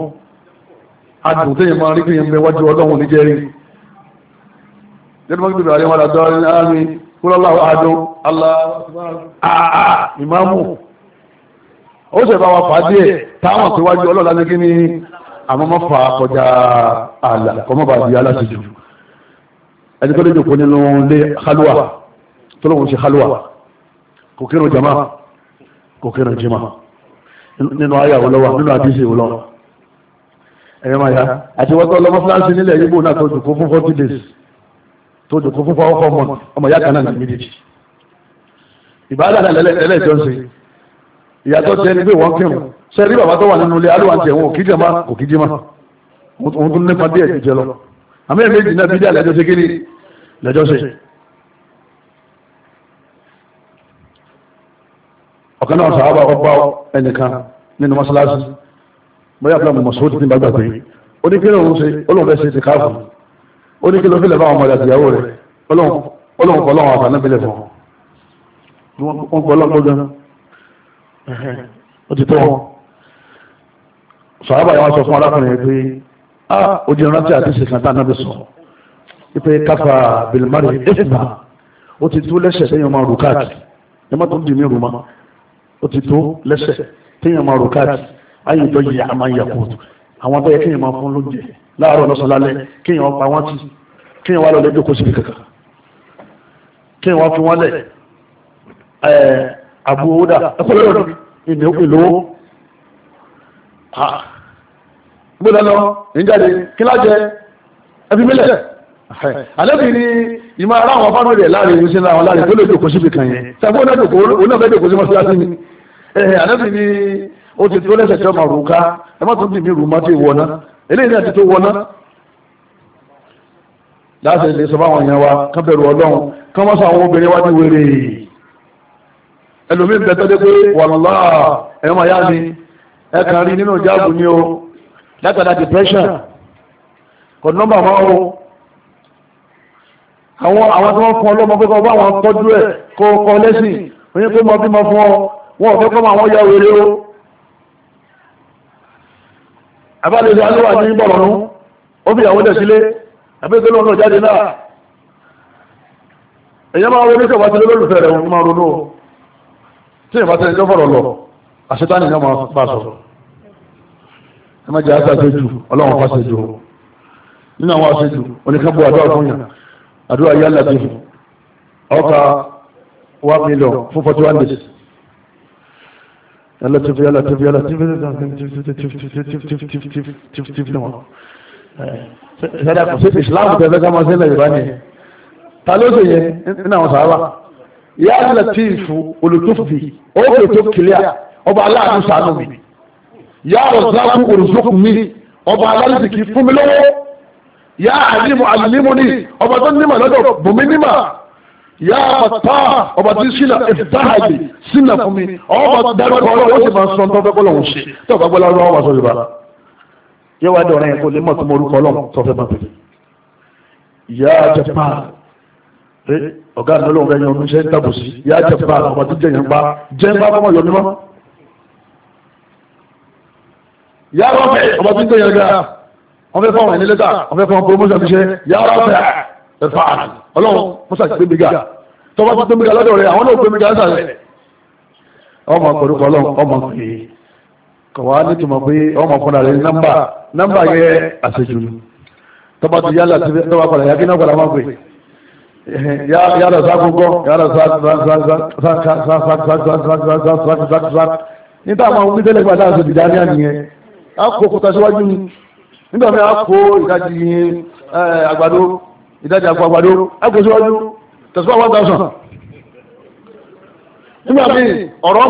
ó sì bá wa fà á díẹ̀ táwọn tó wájú ọlọ́ọ̀lá ní kíní àmọ́ mọ́ fà á kọjá àlà kọ́mọ́ bá di aláṣejù ẹni tó lè jòkó nínú ilé halwa tó lóun ṣe halwa kò kírun jama kò kírun jima nínú ayé àwọn lọ́wọ́ nínú àdíṣe ìwò lọ́wọ́ ẹ̀yẹ́ máa ya àti wọ́n tó lọ́mọ fúláńsì nílẹ̀ yìí bò náà tó jòkó fún forty days tó jòkó fún four four months ọmọ yàtọ̀ náà ní méjèèjì ìbáradà lẹ́lẹ́jọ́ ìyàtọ̀ jẹ́ ní pé wọ́n kírun ṣe rí bàbá tó wà nínú ilé alúwà tiẹ̀ wọn òkìjẹ́ má òkìjẹ́ má òun tún nípa díẹ̀ jù jẹ lọ àmì méjì náà bídíà lẹ́jọ́ ṣe kíni lẹ́jọ́ ṣe. ọ̀kan náà sàábà ọgbà ẹnìkan nínú mọ́ṣáláṣí bóyá fúlàmù mọ̀sọ́ọ́dì ní gbàgbà pé ó ní kíni òun ṣe olóhùn fẹ́ ṣe ti káàfù ó ní kíni òfìlẹ̀ báwọn ọmọdé àtìyàwó rẹ̀ olóhùn kọ́ ó ti tó wọn sọ̀rọ̀ àbáyọ wọn sọ fún arákùnrin pé a ah, ó jẹ́ rántí àti ṣèkàn tá náà bí sọ wípé káfà bilimari ẹ̀fìmà ó ti tó lẹ́sẹ̀ sẹ́yìn ọmọ rù káàkiri ẹ má tó ń dì mí rù ó ti tó lẹ́sẹ̀ sẹ́yìn ọmọ rù káàkiri ayé ìjọ yìí àmà ń yàgò àwọn tó kéèyàn máa fún lóúnjẹ láàárọ̀ lọ́sàn lálẹ́ kéèyàn pa wọ́n ti kéèyàn wá lọ lẹ́jọ́ kó síbi kéèyàn wá fi wọ́n lẹ̀ Abu Oda, ọ̀sọ́lọ́rọ̀ ìní ìlú gbọ́dọ̀ lọ níjáde kílájẹ ẹbí mílẹ̀ alẹ́bí ni ìmọ̀ ara àwọn fáwọn rẹ̀ láàrin ìlú sínú àwọn láàrin tó lè dòkó síbi kan yẹn sẹ́fún ó náà dòkó ó náà fẹ́ dòkó sí mọ́síláṣí ni alẹ́bí ni ó ti tó lẹ́sẹ̀ tí ọmọ rù ká ẹ má tó bì eléyìí náà ti tó wọ̀ná ẹlòmí ń bẹ̀tọ́ dé pé ẹ̀yọ́ màá yá ni ẹ kàn rí nínú jáàbù ni o látara depression kò nọ́mbà máa o àwọn tí wọ́n fún ọ lọ́mọ bá àwọn tọ́jú ẹ̀ kó kọ́ lẹ́sìn oyin pé mo bímọ fún ọ wọn ò fẹ́ kọ́ ya o abálẹ̀ alówà ní ó fi àwọn lọ́nà jáde náà èyí máa wọn máa ronú tí ìbá tẹ́lẹ̀ tó fọ̀rọ̀ lọ àṣetánì náà máa bá sọ̀rọ̀ ẹ má jẹ́ àṣàṣejù ọlọ́run fàṣejù o nínú àwọn àṣejù oníkàbù àdúrà fún yàn àdúrà yà láti fún ọkà one million fún forty one days yàlla tìfì yàlla tìfì yàlla tìfì tìfì náà sẹ́dá kò sí ìsìláàmù tẹ́fẹ́ ká máa sílẹ̀ yorùbá ni ta ló sì yẹ nínú àwọn sàábà ya latifu olutufi ọkọ tó kìlíà ọba aláàánú ṣàánú mi ya rọzákù olùsókù mi ọba alárìsìkì fún mi lọ́wọ́ ya alimu alimu ni ọba tó nímọ̀ lọ́dọ̀ bùnmi nímọ̀ ya pàtà ọba tí sílẹ̀ ìfitahabi sílẹ̀ fún mi ọba dárúkọ ọlọ́wọ́ ó sì máa sọ tọ́fẹ́ kọ́ lọ́wọ́ ṣe tó bá gbọ́lá ọlọ́wọ́ wàásù yorùbá yẹ wá dọ̀rẹ́ yẹn kó lè mọ̀ tó mọ orúkọ ọlọ́wọ́ tọ́fẹ́ máa pè ya japan ọ̀gá mi lóun fẹ́yìn ọdún iṣẹ́ ń tàbò sí yá jẹ̀mbá ọmọ tó jẹ̀yìn bá jẹ̀mbá ọmọ yọ mímọ́ yá rọ́bẹ̀ ọmọ tó jẹ̀yìn gá wọ́n fẹ́ fọ́n ẹni lẹ́tà wọ́n fẹ́ fọ́n promotion fi ṣe yá rọ́bẹ̀ ẹ̀fà ọlọ́run mọ́sá ti gbémiga tọ́wọ́ ti gbémiga lọ́dọ̀ rẹ̀ àwọn náà gbémiga ń sàlẹ̀ ọmọ àpòrúkọ ọmọ é kọ̀wá nítumọ̀ pé ọmọ fúnra rẹ̀ nọ́mbà nọ́mbà yẹ àṣejù tọ́ba ti yálà tọ́ba padà yá kí náà padà máa pè é ya da sakunko ya da sakunko ní táwọn àwọn onídẹ́lẹ̀ gbà dáhùn sí ìdáníà nìyẹn a kó kúta síwájú ní nígbà mi a kó ìdájì àgbàdo ìdájì àpò àgbàdo a kó síwájú tẹ̀síwá one thousand ọ̀rọ̀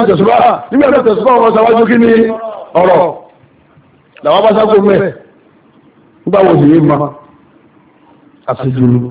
mi tẹ̀síwá ọmọ ni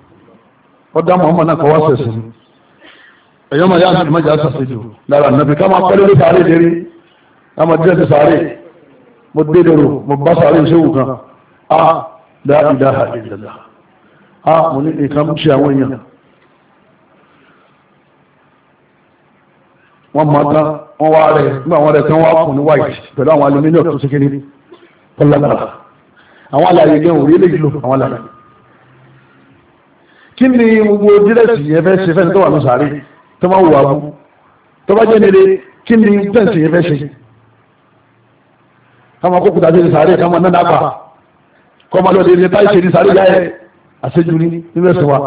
ọdá muhammad náà kọwọ́ sẹ̀sìn ẹ̀yọ́ máa yá àti mẹ́jà sàṣejù lára nàbì ká máa pẹ́lú sàárè lérí ká máa dẹ́ẹ̀tì sàárè mo dé lérò mo bá sàárè ìṣòwò kan a da ilaha illallah a mo ní nǹkan ṣe àwọn èèyàn wọ́n máa tán wọ́n wá rẹ̀ nígbà wọn rẹ̀ tán wá kùn ní white pẹ̀lú àwọn aluminium tó ṣe kéré pẹ̀lú àwọn àlàyé gẹ̀ òrí lè jùlọ àwọn àlàyé kí ni gbogbo dírẹ́sì yẹn fẹ́ ṣe fẹ́ni tó wà ní sàárè tó máa wù abú tó bá jẹ́ nílé kí ni dírẹ́sì yẹn fẹ́ ṣe káma kó kùtà sí ní sàárè káma nánà àgbà kọ́ma lọ́dẹ ní táyì ṣe ní sàárè yá ẹ̀ àṣejù ní nínú ẹ̀sìn wa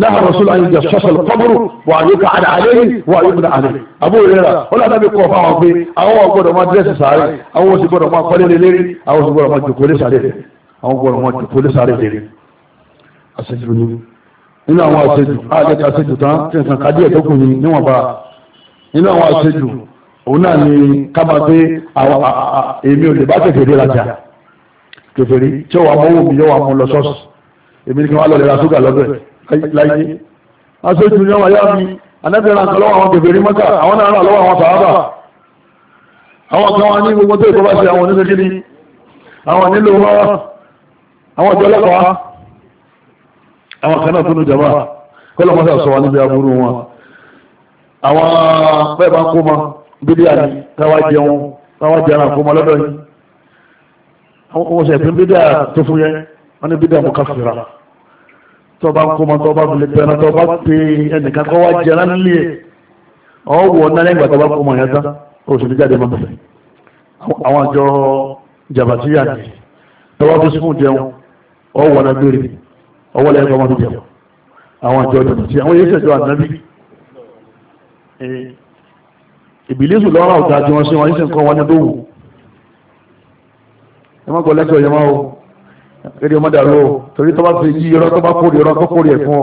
náà rasulullah ayé jẹ sọ́sọ̀ kọ́mọ́rù wà á yóò ká àdá àlẹ́ yìí wà á yóò múna àlẹ́ àbúrò rẹ̀ rà ó lọ́dà bí kọ́ fáwọn pé àwọn ò gbọ́dọ̀ máa dírẹ́sì sàárè àwọn ò sì gbọ́dọ̀ máa kọ́lé lélẹ́rí àwọn ò sì gbọ́dọ̀ máa jòkó lé sàárè rẹ̀ àwọn ò gbọ́dọ̀ máa jòkó lé nínú àwọn àṣejù àjẹta àṣejù tán tí nǹkan kàdí ẹ̀ tó kù ní níwọ̀n bá nínú àwọn àṣejù òun náà ni kábà pé èmi ò lè bá kèfèrí rajà kèfèrí tí ó wà mọ́wọ́ mi yóò wà mọ́ lọ ṣọ́ọ̀ṣì èmi ni kí wọ́n lọ lè ra ṣúgà lọ́dọ̀ láyé àṣejù ni wọ́n yá mi anábìrin àti lọ́wọ́ àwọn kèfèrí mọ́kà àwọn náà rà lọ́wọ́ àwọn sàábà àwọn kan wá ní gbogbo ni àwọn àwọn kan náà tó ní jama kọ́lọ́ mọ́sá sọ wọn níbi aburú wọn àwọn bẹ́ẹ̀ bá ń kó ma bíbí àní káwá jẹun káwá jẹun àkó ma lọ́dọ̀ yìí àwọn kò sẹ̀ pé bíbí ma tó bá fìlẹ̀ pẹ́ẹ́rẹ́ tó bá pe ẹnìkan kọ́ wá ma yẹn tán oṣù ní jáde máa fẹ́ àwọn àjọ jàbàtíyà ni tọwọ́ ọwọ́ lẹ́yìn ọmọ níbi àwọn àjọ ọjọ́ tí àwọn yẹ́sẹ̀ jọ ànábì ìbílísù lọ́rọ̀ ọ̀gá tí wọ́n sí wọn yẹ́sẹ̀ nǹkan wọn ní dóhùn ẹ má gbọ́ lẹ́kọ̀ọ́ yẹn máa o kéde ọmọ dàrú o torí tó bá fi yí irọ́ tó bá kórè irọ́ tó kórè ẹ̀ fún ọ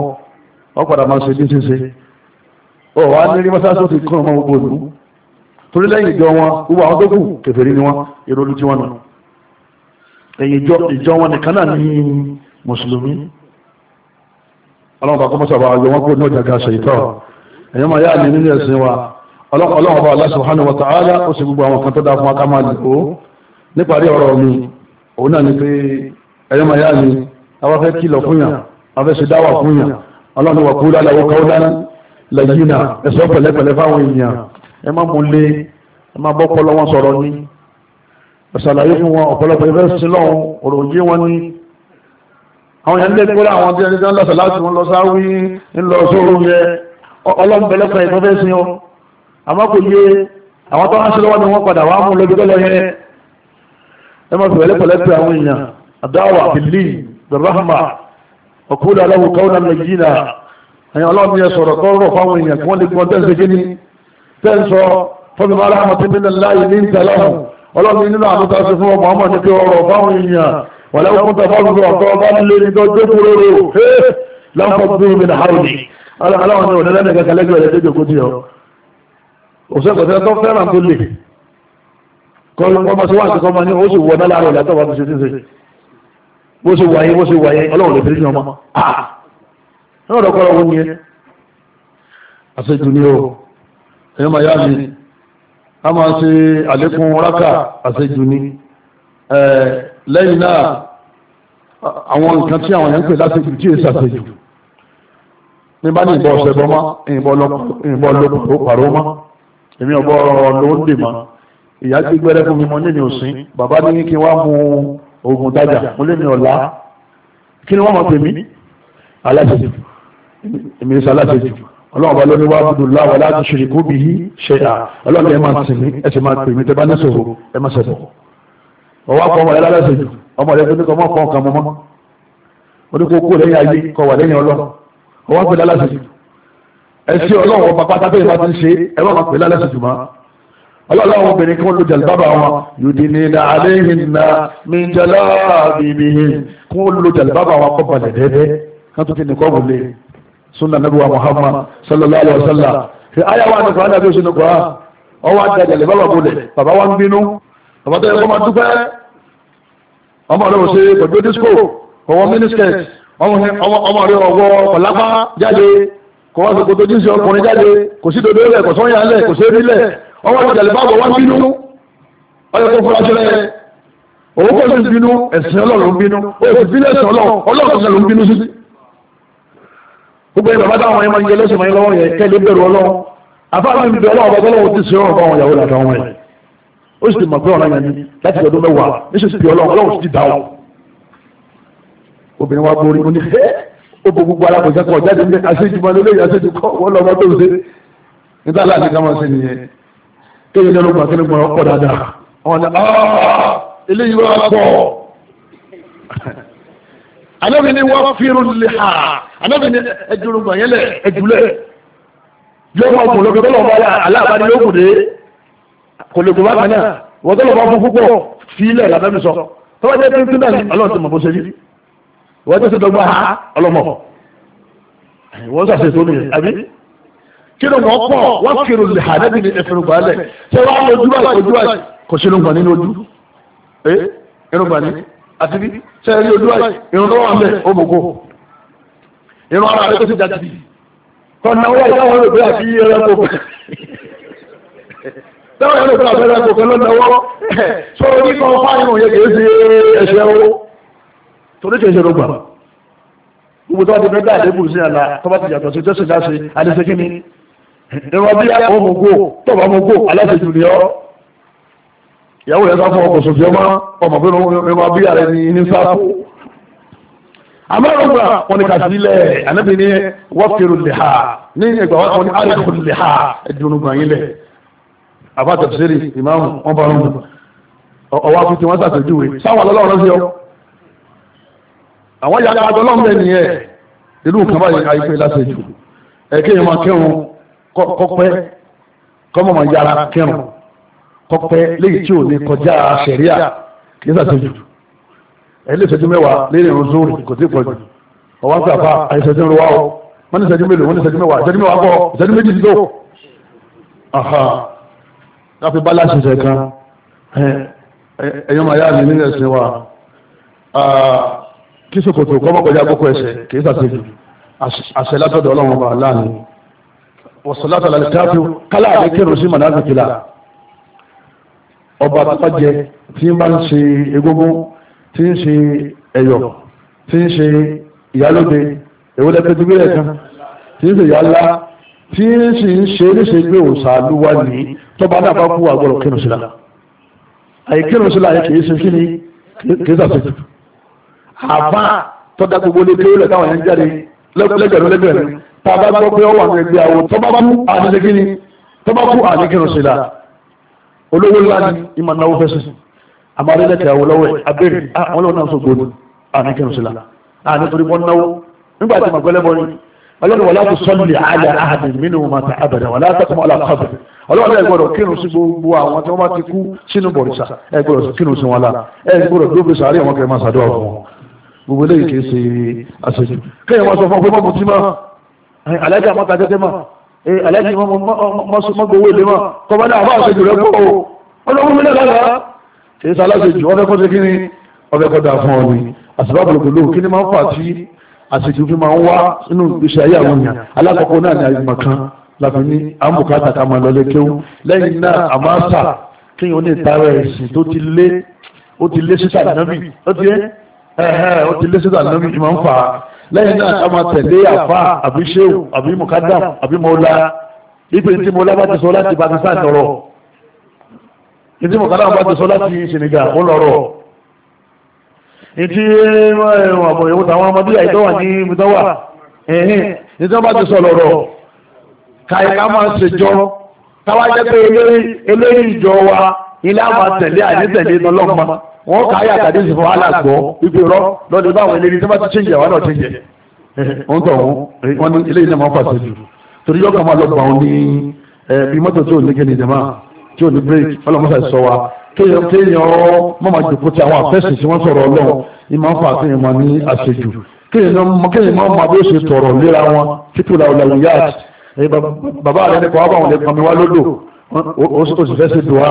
ọ padà máa ṣe díṣe ṣe ọ wá ní rí mọ́sáàsì ti kún ọmọ gbogbo òdú torí lẹ́yìn ìjọ wọn gbogbo àwọn tó kù kèfèrí ni wọn èrò tí wọn nù ẹ̀yìn ìjọ wọn nìkan náà ní mùsùlùmí ọlọ́run bàkọ́ mọ́sàbà àjọ wọn kó ní ọjà ga ṣèyítọ́ ẹ̀yọ́ máa yá ní nínú ẹ̀sìn wa ọlọ́run bá Allah subhanahu wa ta'ala ó sì gbogbo àwọn kan tó dá fún aká máa lò ó níparí ọ̀rọ̀ mi òun náà ni pé ẹ̀yọ́ máa yá ní àwọn fẹ́ kìlọ̀ fún yàn àwọn fẹ́ ṣe dáwà fún yàn ọlọ́run wà àwọn yẹn lè kóra àwọn tí ẹni tí wọ́n lọ́sọ̀ láti wọn lọ sáwí ńlọ sóru yẹ ọlọ́mbẹ̀lẹ́kọ̀ ẹ̀kọ́ fẹ́ sin ọ àmọ́ kò yé àwọn tó wá sí lọ́wọ́ ni wọ́n padà wá mú lóbi tọ́lọ yẹn ẹ má fi wẹ́lẹ́pẹ̀lẹ́ pé àwọn èèyàn adáwà bìlí bẹ̀rọ̀hàmà ọ̀kúrò aláwọ̀ káwọn nàìjíríà ẹ̀yìn ọlọ́run yẹn sọ̀rọ̀ ni tẹ́sọ̀ fọ́nmi máa ráhàmà wọ̀lẹ́wọ̀n kúta fọ́lùfọ́ ọ̀tọ́ bá lè ní tó jókòó lóró lọ́pọ̀ bí mi nà hàrùdì aláwọn ni òní lẹ́nu kẹkẹ lẹ́gbẹ̀ẹ́ rẹ̀ déjòkó ti ọ òṣèkòtẹ́ tó fẹ́ràn tó lè kọlọmọ sí wáṣẹ kọmọ ní oṣù wọ náà láàrọ̀ ìlàtọ̀ wàtí ṣe ṣe bó ṣe wáyé bó lẹ́yìn náà àwọn nǹkan tí àwọn yẹn ń pè láti ju díẹ̀ ṣàṣejù ní bá ní ìbọn ọ̀sẹ̀ bọ́ mọ́ ìbọn ló pàrọ̀ mọ́ èmi ọ̀bọ ló ń dè mọ́ ìyá tí gbẹ́rẹ́ fún mi mọ́ nínú òsín bàbá ní kí wọ́n mú oògùn dájà mo lé mi ọ̀la kí ni wọ́n mọ̀ pé mi aláṣejù èmi ní sàláṣejù ọlọ́run ọba lóní wá bùdù láwọ láti ṣe ìkóbi yìí ṣe à ọlọ́run ẹ máa sìn mí ẹ sì máa pè mí tẹ bá ní sòrò ẹ máa ṣẹ̀bọ̀ ọwọ́ akọ ọmọ rẹ lálẹ́sẹ̀ jù ọmọ rẹ fún ọmọ kan kan mọ́mọ́ oníkókó lẹ́yìn ayé kọ wà lẹ́yìn ọlọ́run ọwọ́ pè lálẹ́sẹ̀ jù ẹsẹ ọlọ́run ọba pátá bẹ́ẹ̀ bá ti ń ṣe ẹ bá máa pè lálẹ́sẹ̀ jù mọ́ ọlọ́run obìnrin kí wọ́n lo jàlùbábà wọn yudinina alayhinna min jalabibihin kí wọ́n lo jàlùbábà wọn kọ́ balẹ̀ dẹ́dẹ́ kan tó ti nìkọ́ wọlé sunna nabi wa muhammad sallallahu alayhi ọmọ rẹ ò ṣe pẹ̀lú disco ọwọ́ minisket ọmọ rẹ ọwọ́ ọ̀lápá jáde kò wá sọ̀kò tó jí sí ọkùnrin jáde kò sí dodo rẹ̀ kò sọ́yìn alẹ̀ kò sí ebi lẹ̀ ọwọ́ rẹ jàlẹ̀ báwọ̀ wá ń bínú ọyọ tó fura sílẹ̀ òun kò sí bínú ẹ̀sìn ọlọ́run bínú òsì bílẹ̀ ẹ̀sìn ọlọ́run ọlọ́run ló ń bínú sí gbogbo ẹ̀ bàbá táwọn ẹ̀ máa ń jẹ lẹ́sìn máa ń lọ́wọ́ yẹn kẹ́lẹ́ bẹ̀rù ọlọ́run àfáà mi bẹ̀rù ọlọ́run ọ̀bọ̀ ó sì mọ̀ pé ọ̀ràn yẹn ni láti ọdún mẹ́wàá níṣẹ́ sì pé ọlọ́run ọlọ́run sì dá ọ. obìnrin wa borí mo ní ẹ́ ó bo gbogbo alákòóso kọ jáde ní aṣèjú mọ́ lórí aṣèjú kọ́ wọ́n lọ́mọ tó ṣe níta láti ká máa ṣe nìyẹn kéèyàn ní ọlọ́gbọ̀n akẹ́lẹ́ gbọ́n ọkọ̀ dáadáa wọn ni eléyìí wọ́n pọ̀ anábì ni wọ́n fírun lè ha anábì ni ẹjùrùgbọ̀n yẹn lẹ̀ ẹjùlẹ̀ yọ kò lè gbogbo àgbà náà wọ́n tó lọ bá fún púpọ̀ fi ilẹ̀ làbẹ́mi sọ tó bá jẹ́ pínpín náà ọlọ́run ti mọ̀ bó ṣe rí wọ́n tó ṣe dọ́gba ọlọ́mọ wọ́n ṣàṣe tó nìyẹn àbí kí ló wọ́n pọ̀ wọ́n kiri lè hà nẹ́bí ní ẹ̀fẹ̀ rògbà lẹ̀ ṣé wọ́n á lójú bá ojú àì kò ṣe ló ń gbà nínú ojú ẹ irun gbà ní àti bí ṣe rí ojú àì irun lọ́wọ́ àmì òmùgọ̀ irun ara rẹ̀ tó ti jà jì kọ́ńtà wọ́n yà táwọn ẹ̀rọ ìfúnra fẹ́rẹ́ kò kẹ́lọ́ lọ́wọ́ sọ orí kan fáyìn òye kìí ṣe ẹ̀ṣẹ̀ owó torí kìí ṣe rògbà gbogbo tó wá ti fẹ́ àdébù sí àlà tó bá ti yàtọ̀ sí tẹ́sí dáṣe àdéṣe kí ni ìrọ̀ bí ọmọgbò tọ́ba ọmọgbò aláṣejù ni ọ́ ìyàwó rẹ̀ sá fún ọkọ̀ sòfì ọmọ ọmọ pé ọmọ bí ààrẹ ni ní sáfù amẹ́rọ̀gbà wọn ni kàdílẹ̀ anábìíní wọ́pẹ̀rù lè ha ní ìgbà wọn ni àrẹ̀kù lè ha ẹ̀dùnúgbà yín lẹ̀ àbá tẹ̀síìrì ìmáàmù wọn bá wọn ọwọ́ àfi tí wọ́n ṣàpèjúwe sáwọn ọlọ́run sí ọ àwọn yàrá àtọ́lọ́run bẹ́ẹ̀ nìyẹn ìlú kan báyìí àyíkú ìlàsẹ̀ jù ẹ̀kẹ́ yẹn máa kẹrun kọ́pẹ́ kọ́mọ̀ máa yára kẹrun kọ́pẹ́ léyìí tí ò ní kọjá sẹ̀ríà kì í ṣàṣejù ẹ̀ lè ṣẹ́jú mẹ́wàá lérí irun zoro kò tí pọ̀ jù ọwọ́ àgbà àìṣẹ́jú ń wá o wọ́n ní ṣẹ́jú mélòó wọ́n ní ṣẹ́jú mẹ́wàá ṣẹ́jú mẹ́wàá bọ̀ ṣẹ́jú méjì tó láfi bá láṣìṣẹ́ kan ẹ̀yọ́ màá yá mi nílẹ̀ sí wa kí ṣòkòtò kọ́mọ́kọjá kókó ẹsẹ̀ kìí sàṣejù àṣẹ látọ̀dọ̀ ọlọ́run ọba láàrin wọ̀sọ̀látọ̀ lálẹ́ káfíù kálá àbí kírun sí màdáàbì kìlà ọba tọ́jẹ tí ń bá ń ṣe egúngún tí ń ṣe ẹ̀yọ̀ tí ń ṣe ìyálóde èwúlẹ̀ é léṣe pé òòṣà lúwa nìyí tọba náà bá kú àgbọ̀rọ̀ kírun sílá àyè kírun sílá yẹ kìí ṣe kí kìí àbá gbogbo yẹn jáde a bá gbọ́ pé ó wà ní ẹgbẹ́ àwọn tọ́ba kú àníṣe kí ni tọ́ba kú àní kírun sílá olówó ńlá ni ìmọ̀ náwó fẹ́ sí àmọ́ adélẹ́kẹ̀ àwọn lọ́wọ́ abẹ́rẹ́ ah, ni ọlọ́run ẹ gbọ́dọ̀ kírun sí gbogbo àwọn tí wọ́n bá ti kú sínú bọ̀rìṣà ẹ gbọ́dọ̀ kírun sí wọn la ẹ gbọ́dọ̀ gbogbo sàárẹ̀ wọn kẹ́ máa ṣàdúrà fún wọn gbogbo eléyìí kìí ṣe àṣejù kéèyàn máa sọ fún ọ pé mọ́mú tí mọ́ alájà mọ́ta tẹ́tẹ́ mọ́ alájà mọ́gbowó ilé mọ́ kọ́mọ́dé àbá àṣejù rẹ pọ̀ ọlọ́run mi lẹ́la kìí ṣe aláṣejù ọbẹ̀ kọ́ ṣe kí ni ọbẹ̀ kọ́ da fún ọ ni àṣìbábòlògbòlò kí ni máa àṣejù fi máa ń wá nínú ìgbésí ayé àwọn èèyàn alákọ̀ọ́kọ́ náà ni àyè láti ní àmùkátà ká máa lọlé kéwú lẹ́yìn náà àmáṣà kéèyàn ní ìtara ẹ̀sìn tó ti lé ó ti lé sísà nábì ó ti ẹ́ ó ti lé sísà nábì ìmọ̀ ń fà á lẹ́yìn náà ká máa tẹ̀lé àfà àbí ṣéwù àbí mùkádàm àbí mọ́lá ipe tí mọ́lá bá ti sọ láti Pakistan lọ́rọ̀ ìdí mùkádàm bá ti sọ láti Senegal ó lọ́rọ̀ ìdí eh, àwọn ọmọdé àìdọ́wà ní ibùdó wà ẹ̀hìn ìdí wọ́n bá ti sọ lọ́rọ̀ káyíká máa ń ṣèjọ táwa jẹ́ pé eléyìí ìjọ wa ilé àwọn àtẹ̀lé àìnítẹ̀lé lọ́lọ́mọ wọn kà á yà tàbí ìsìnkú wàhálà gbọ́ ibi rọ lọ́dún báwọn eléyìí tí wọ́n ti ṣe ìyàwó náà ti jẹ wọ́n tọ̀ wọ́n ní eléyìí náà wọ́n fà sí ju torí yọ̀ọ̀kan máa lọ gbà wọn ní bí mọ́tò tí ò ní kéde jẹ̀má tí ò ní bírèkì ọlọ́mọ́sà sọ wa kéèyàn kéèyàn mọ́mọ́ jòkó ti àwọn àfẹ́sì tí wọ́n sọ̀rọ̀ ọlọ́run ní máa ń fa àfihàn wọn ní bàbá rẹ̀ ní kọ́ ọ́bà òun lè pọnmi wá lódò ó sì fẹ́ sí dùwá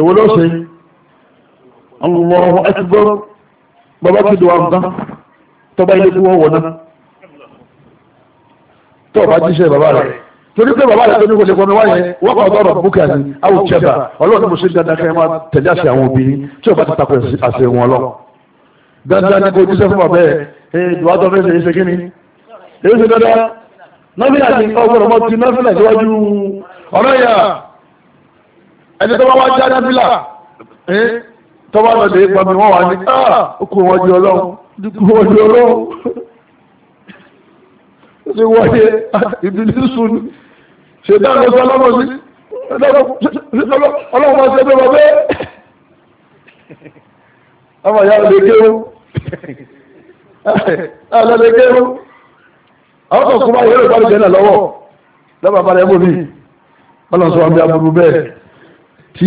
èwo ló ṣe Allahu akbar bàbá ti dùwá nǹkan tọ́ba ilé kú wọ́wọ́ náà tó bá jíṣẹ́ bàbá rẹ̀ torí pé bàbá rẹ̀ tó ní kò lè pọnmi wá yẹn wọ́n kọ́ ọ̀dọ́ ọ̀rọ̀ búkà ní àwùjẹba ọlọ́run mo ṣe dandan kẹ́ máa tẹ̀lé àṣẹ àwọn obìnrin tí ò bá ti takò àṣẹ wọn lọ dandan ni kò jíṣẹ́ fún bàbá ẹ̀ ẹ̀ dùwá tó fẹ́ ṣe é ṣe kí ni èyí ṣe dandan nọ́fílà ti ń kọ́ gbọ́dọ̀ mọ́ ti nọ́fílà síwájú ọ̀rọ̀ yà ẹni tó bá wá já nọ́fílà tó bá lọ́dẹ̀ gbàmí wọ́n wà ní okùn wọn di ọlọ́run dúkùn wọn di ọlọ́run ṣe wọ́yẹ ìbílí sùn ṣe dáná sọ lọ́mọ sí ọlọ́run máa ṣe bẹ́ẹ̀ bẹ́ẹ̀ ọmọ ìyá lè kéwú àwọn kan kó bá yẹrẹ ìbára jẹ náà lọ́wọ́ lọ́ba bá rẹ̀ bò mí ọlọ́run a wọn bí aburú bẹ́ẹ̀ tí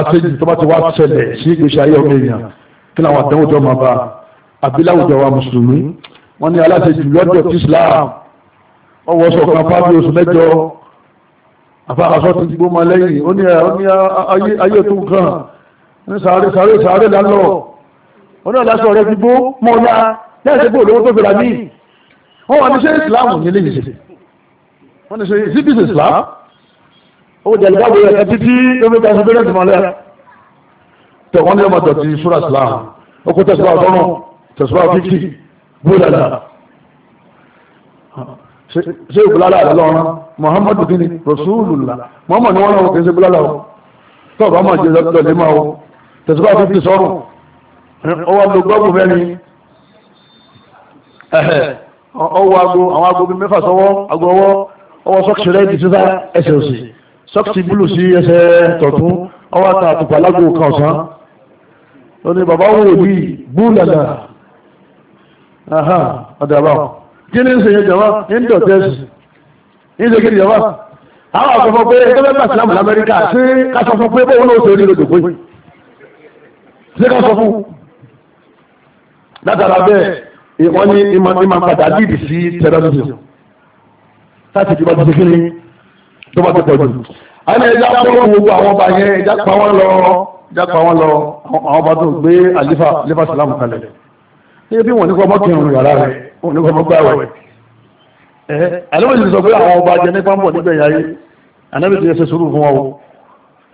àṣejì tó bá ti wá ṣẹlẹ̀ sí ìgbésí ayé ọmọ èèyàn kí làwọn àtẹ̀wò tó máa bá abiláwùjọ wa mùsùlùmí wọn ní aláṣejì lọ́jọ́ tí Islam ọwọ́ sọ̀kan fábí oṣù mẹ́jọ àfàkàsọ́ ti gbó ma lẹ́yìn ó ní ayé tó kàn ní sàárè sàárè sàárè lálọ́ ó ní aláṣọ rẹ̀ ti gbó mọ́lá lẹ́ẹ̀sẹ̀ bó lówó tó fèrà míì wọ́n wà ní ṣe ìsìláàmù ní ilé yìí wọ́n ní ṣe síbí ṣe ìsìláàmù ó jẹ́ ìgbàgbé ẹ̀ka títí lórí ìtaṣọ bẹ́rẹ̀ tó máa lẹ́yà tẹ̀ wọ́n ní ọmọ tọ̀ ti ṣúra ìsìláàmù ó kó tẹ̀síwá ọ̀tọ́rùn tẹ̀síwá fífì búdàdà ṣé ìbúlálà rẹ̀ lọ́rùn muhammadu bin rasulullah muhammadu ni wọ́n náà kì í ṣe ìbúlálà o tọ́ọ̀bù ọmọ jẹ́ lọ́lẹ́ máa o tẹ̀síwá fífì sọ́rùn ọwọ́ ọwọ́ ago àwọn ago bíi mẹ́fà sọ́wọ́ ago ọwọ́ ọwọ́ sọ́ọ̀kì rẹ̀ ti sísá ẹsẹ̀ òsì sọ́ọ̀kì búlù sí ẹsẹ̀ tọ̀tún ọwọ́ àti àtùpà lágbo kan ọ̀sán lónìí bàbá wò ní búlàlà ọ̀dàbà kí ni ń sèyí jọba ń dọ̀tẹ́sì ń sèyí jọba àwọn àkọ́kọ́ pé ẹgbẹ́ bá sílámù lamẹ́ríkà sí kásán fún pé bóun náà ó sèrí lójó pé sí kásán fún látara bẹ́ẹ̀ wọ́n ní ìmọ̀ padà dìdì sí terrorism láti ìjọba tó kékeré tó bá tó pọ̀ jù. àmì ẹja kúrò gbogbo àwọn ọba yẹn ẹja pa wọ́n lọ ẹja pa wọ́n lọ àwọn ọba tó gbé àlífà àlífà sàlámù kalẹ̀. ṣé bí wọ́n ní kọ́ mọ́kìnrin yàrá rẹ̀ wọ́n ní kọ́ mọ́gbà rẹ̀. àlọ́ ìlú sọ pé àwọn ọba jẹ nípa ń bọ̀ níbẹ̀ yáyé ànábì ti ẹsẹ̀ sùúrù fún wa o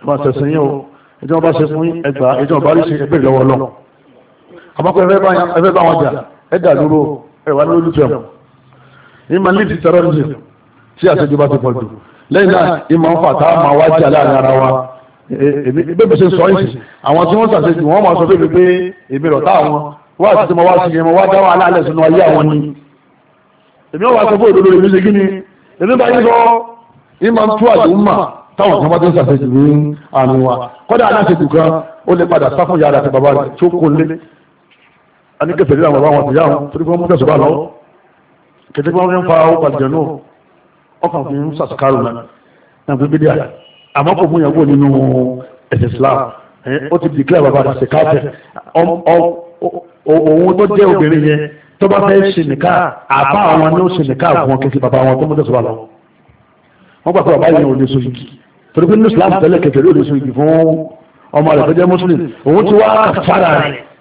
ìmọ̀ àṣẹ̀sìn yìí o ìjọba ṣe fún ẹgbàá ìjọba rí ṣe ẹgbẹ́ ìlọ́wọ́ lọ. àbákọ́ ẹ dà dúró ẹ wà lórí jẹun ìmọ̀ ní ti terrorism tí àṣejù bá ti pọ̀ jù lẹ́yìn náà ìmọ̀ ń fà tá a máa wá jà láàrin ara wa bébè ṣe sọ ìsìn àwọn tí wọ́n ṣàṣejù wọ́n máa sọ bébè pé èmi rọ̀ táwọn wá àti tìmọ̀ wá sí ẹ̀mọ̀ wá dá wàhálà alẹ́ sínú ayé àwọn ni èmi wá sọ fún òdodo èmi ṣe kí ni èmi bá yín sọ ìmọ̀ ń tú àdéhùn mà táwọn kan bá ti ń ṣàṣejù ní àmì wa kọ́dà aláṣejù kan ó lè padà sáfún yàrá àti bàbá rẹ̀ tó kó lé a ní kẹfẹ́ nílànà bàbá wọn ti yáwọn torí fún mọ́tẹ́sọ̀ bá lọ́wọ́ kẹfẹ́ bá wọn fa ọkọ̀ àjẹnú ọkàn fi ń sàṣàkárò náà náà fi bídíà àmọ́ kò mú ìyàwó nínú ẹ̀sìn Islam ó ti dìklẹ́ bàbá rẹ̀ ṣèkáfẹ́ òun tó jẹ́ obìnrin yẹn tó bá fẹ́ ṣe nìka àbá àwọn ní ó ṣe nìka àwọn kẹfẹ́ bàbá wọn tó mọ́tẹ́sọ̀ bá lọ́wọ́ wọ́n gbà pé bàbá yẹn ò lè so igi torí pé ní Islam tẹ́lẹ̀ kẹfẹ́ ló lè so igi fún ọmọ rẹ̀ tó jẹ́ Muslim òun ti wá fara rẹ̀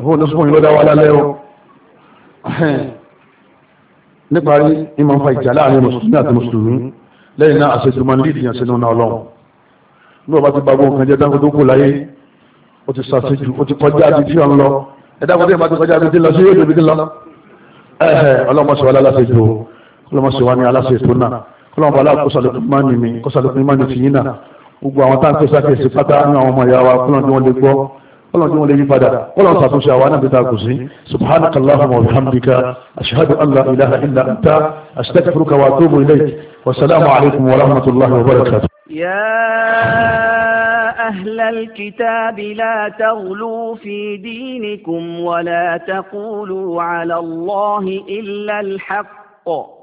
ìfowó ló súnmọ́ ìlọ́dá wa lálẹ́ o níparí ìmọ̀ ń fa ìjà láàrin mùsùlùmí àti mùsùlùmí lẹ́yìn náà àṣejù máa ń lé ìdíyàn sínú náà ọlọ́run ní ọba ti gbàgbọ́ nǹkan jẹ́ dáńgó tó kù láyé ó ti ṣàṣejù ó ti kọjá àti tí wọ́n lọ ẹ̀dá kan tó yẹ bá ti kọjá àti tí lọ sí yóò débi سبحانك اللهم وبحمدك أشهد أن لا إله إلا أنت أستغفرك وأتوب إليك والسلام عليكم ورحمة الله وبركاته يا أهل الكتاب لا تغلوا في دينكم ولا تقولوا على الله إلا الحق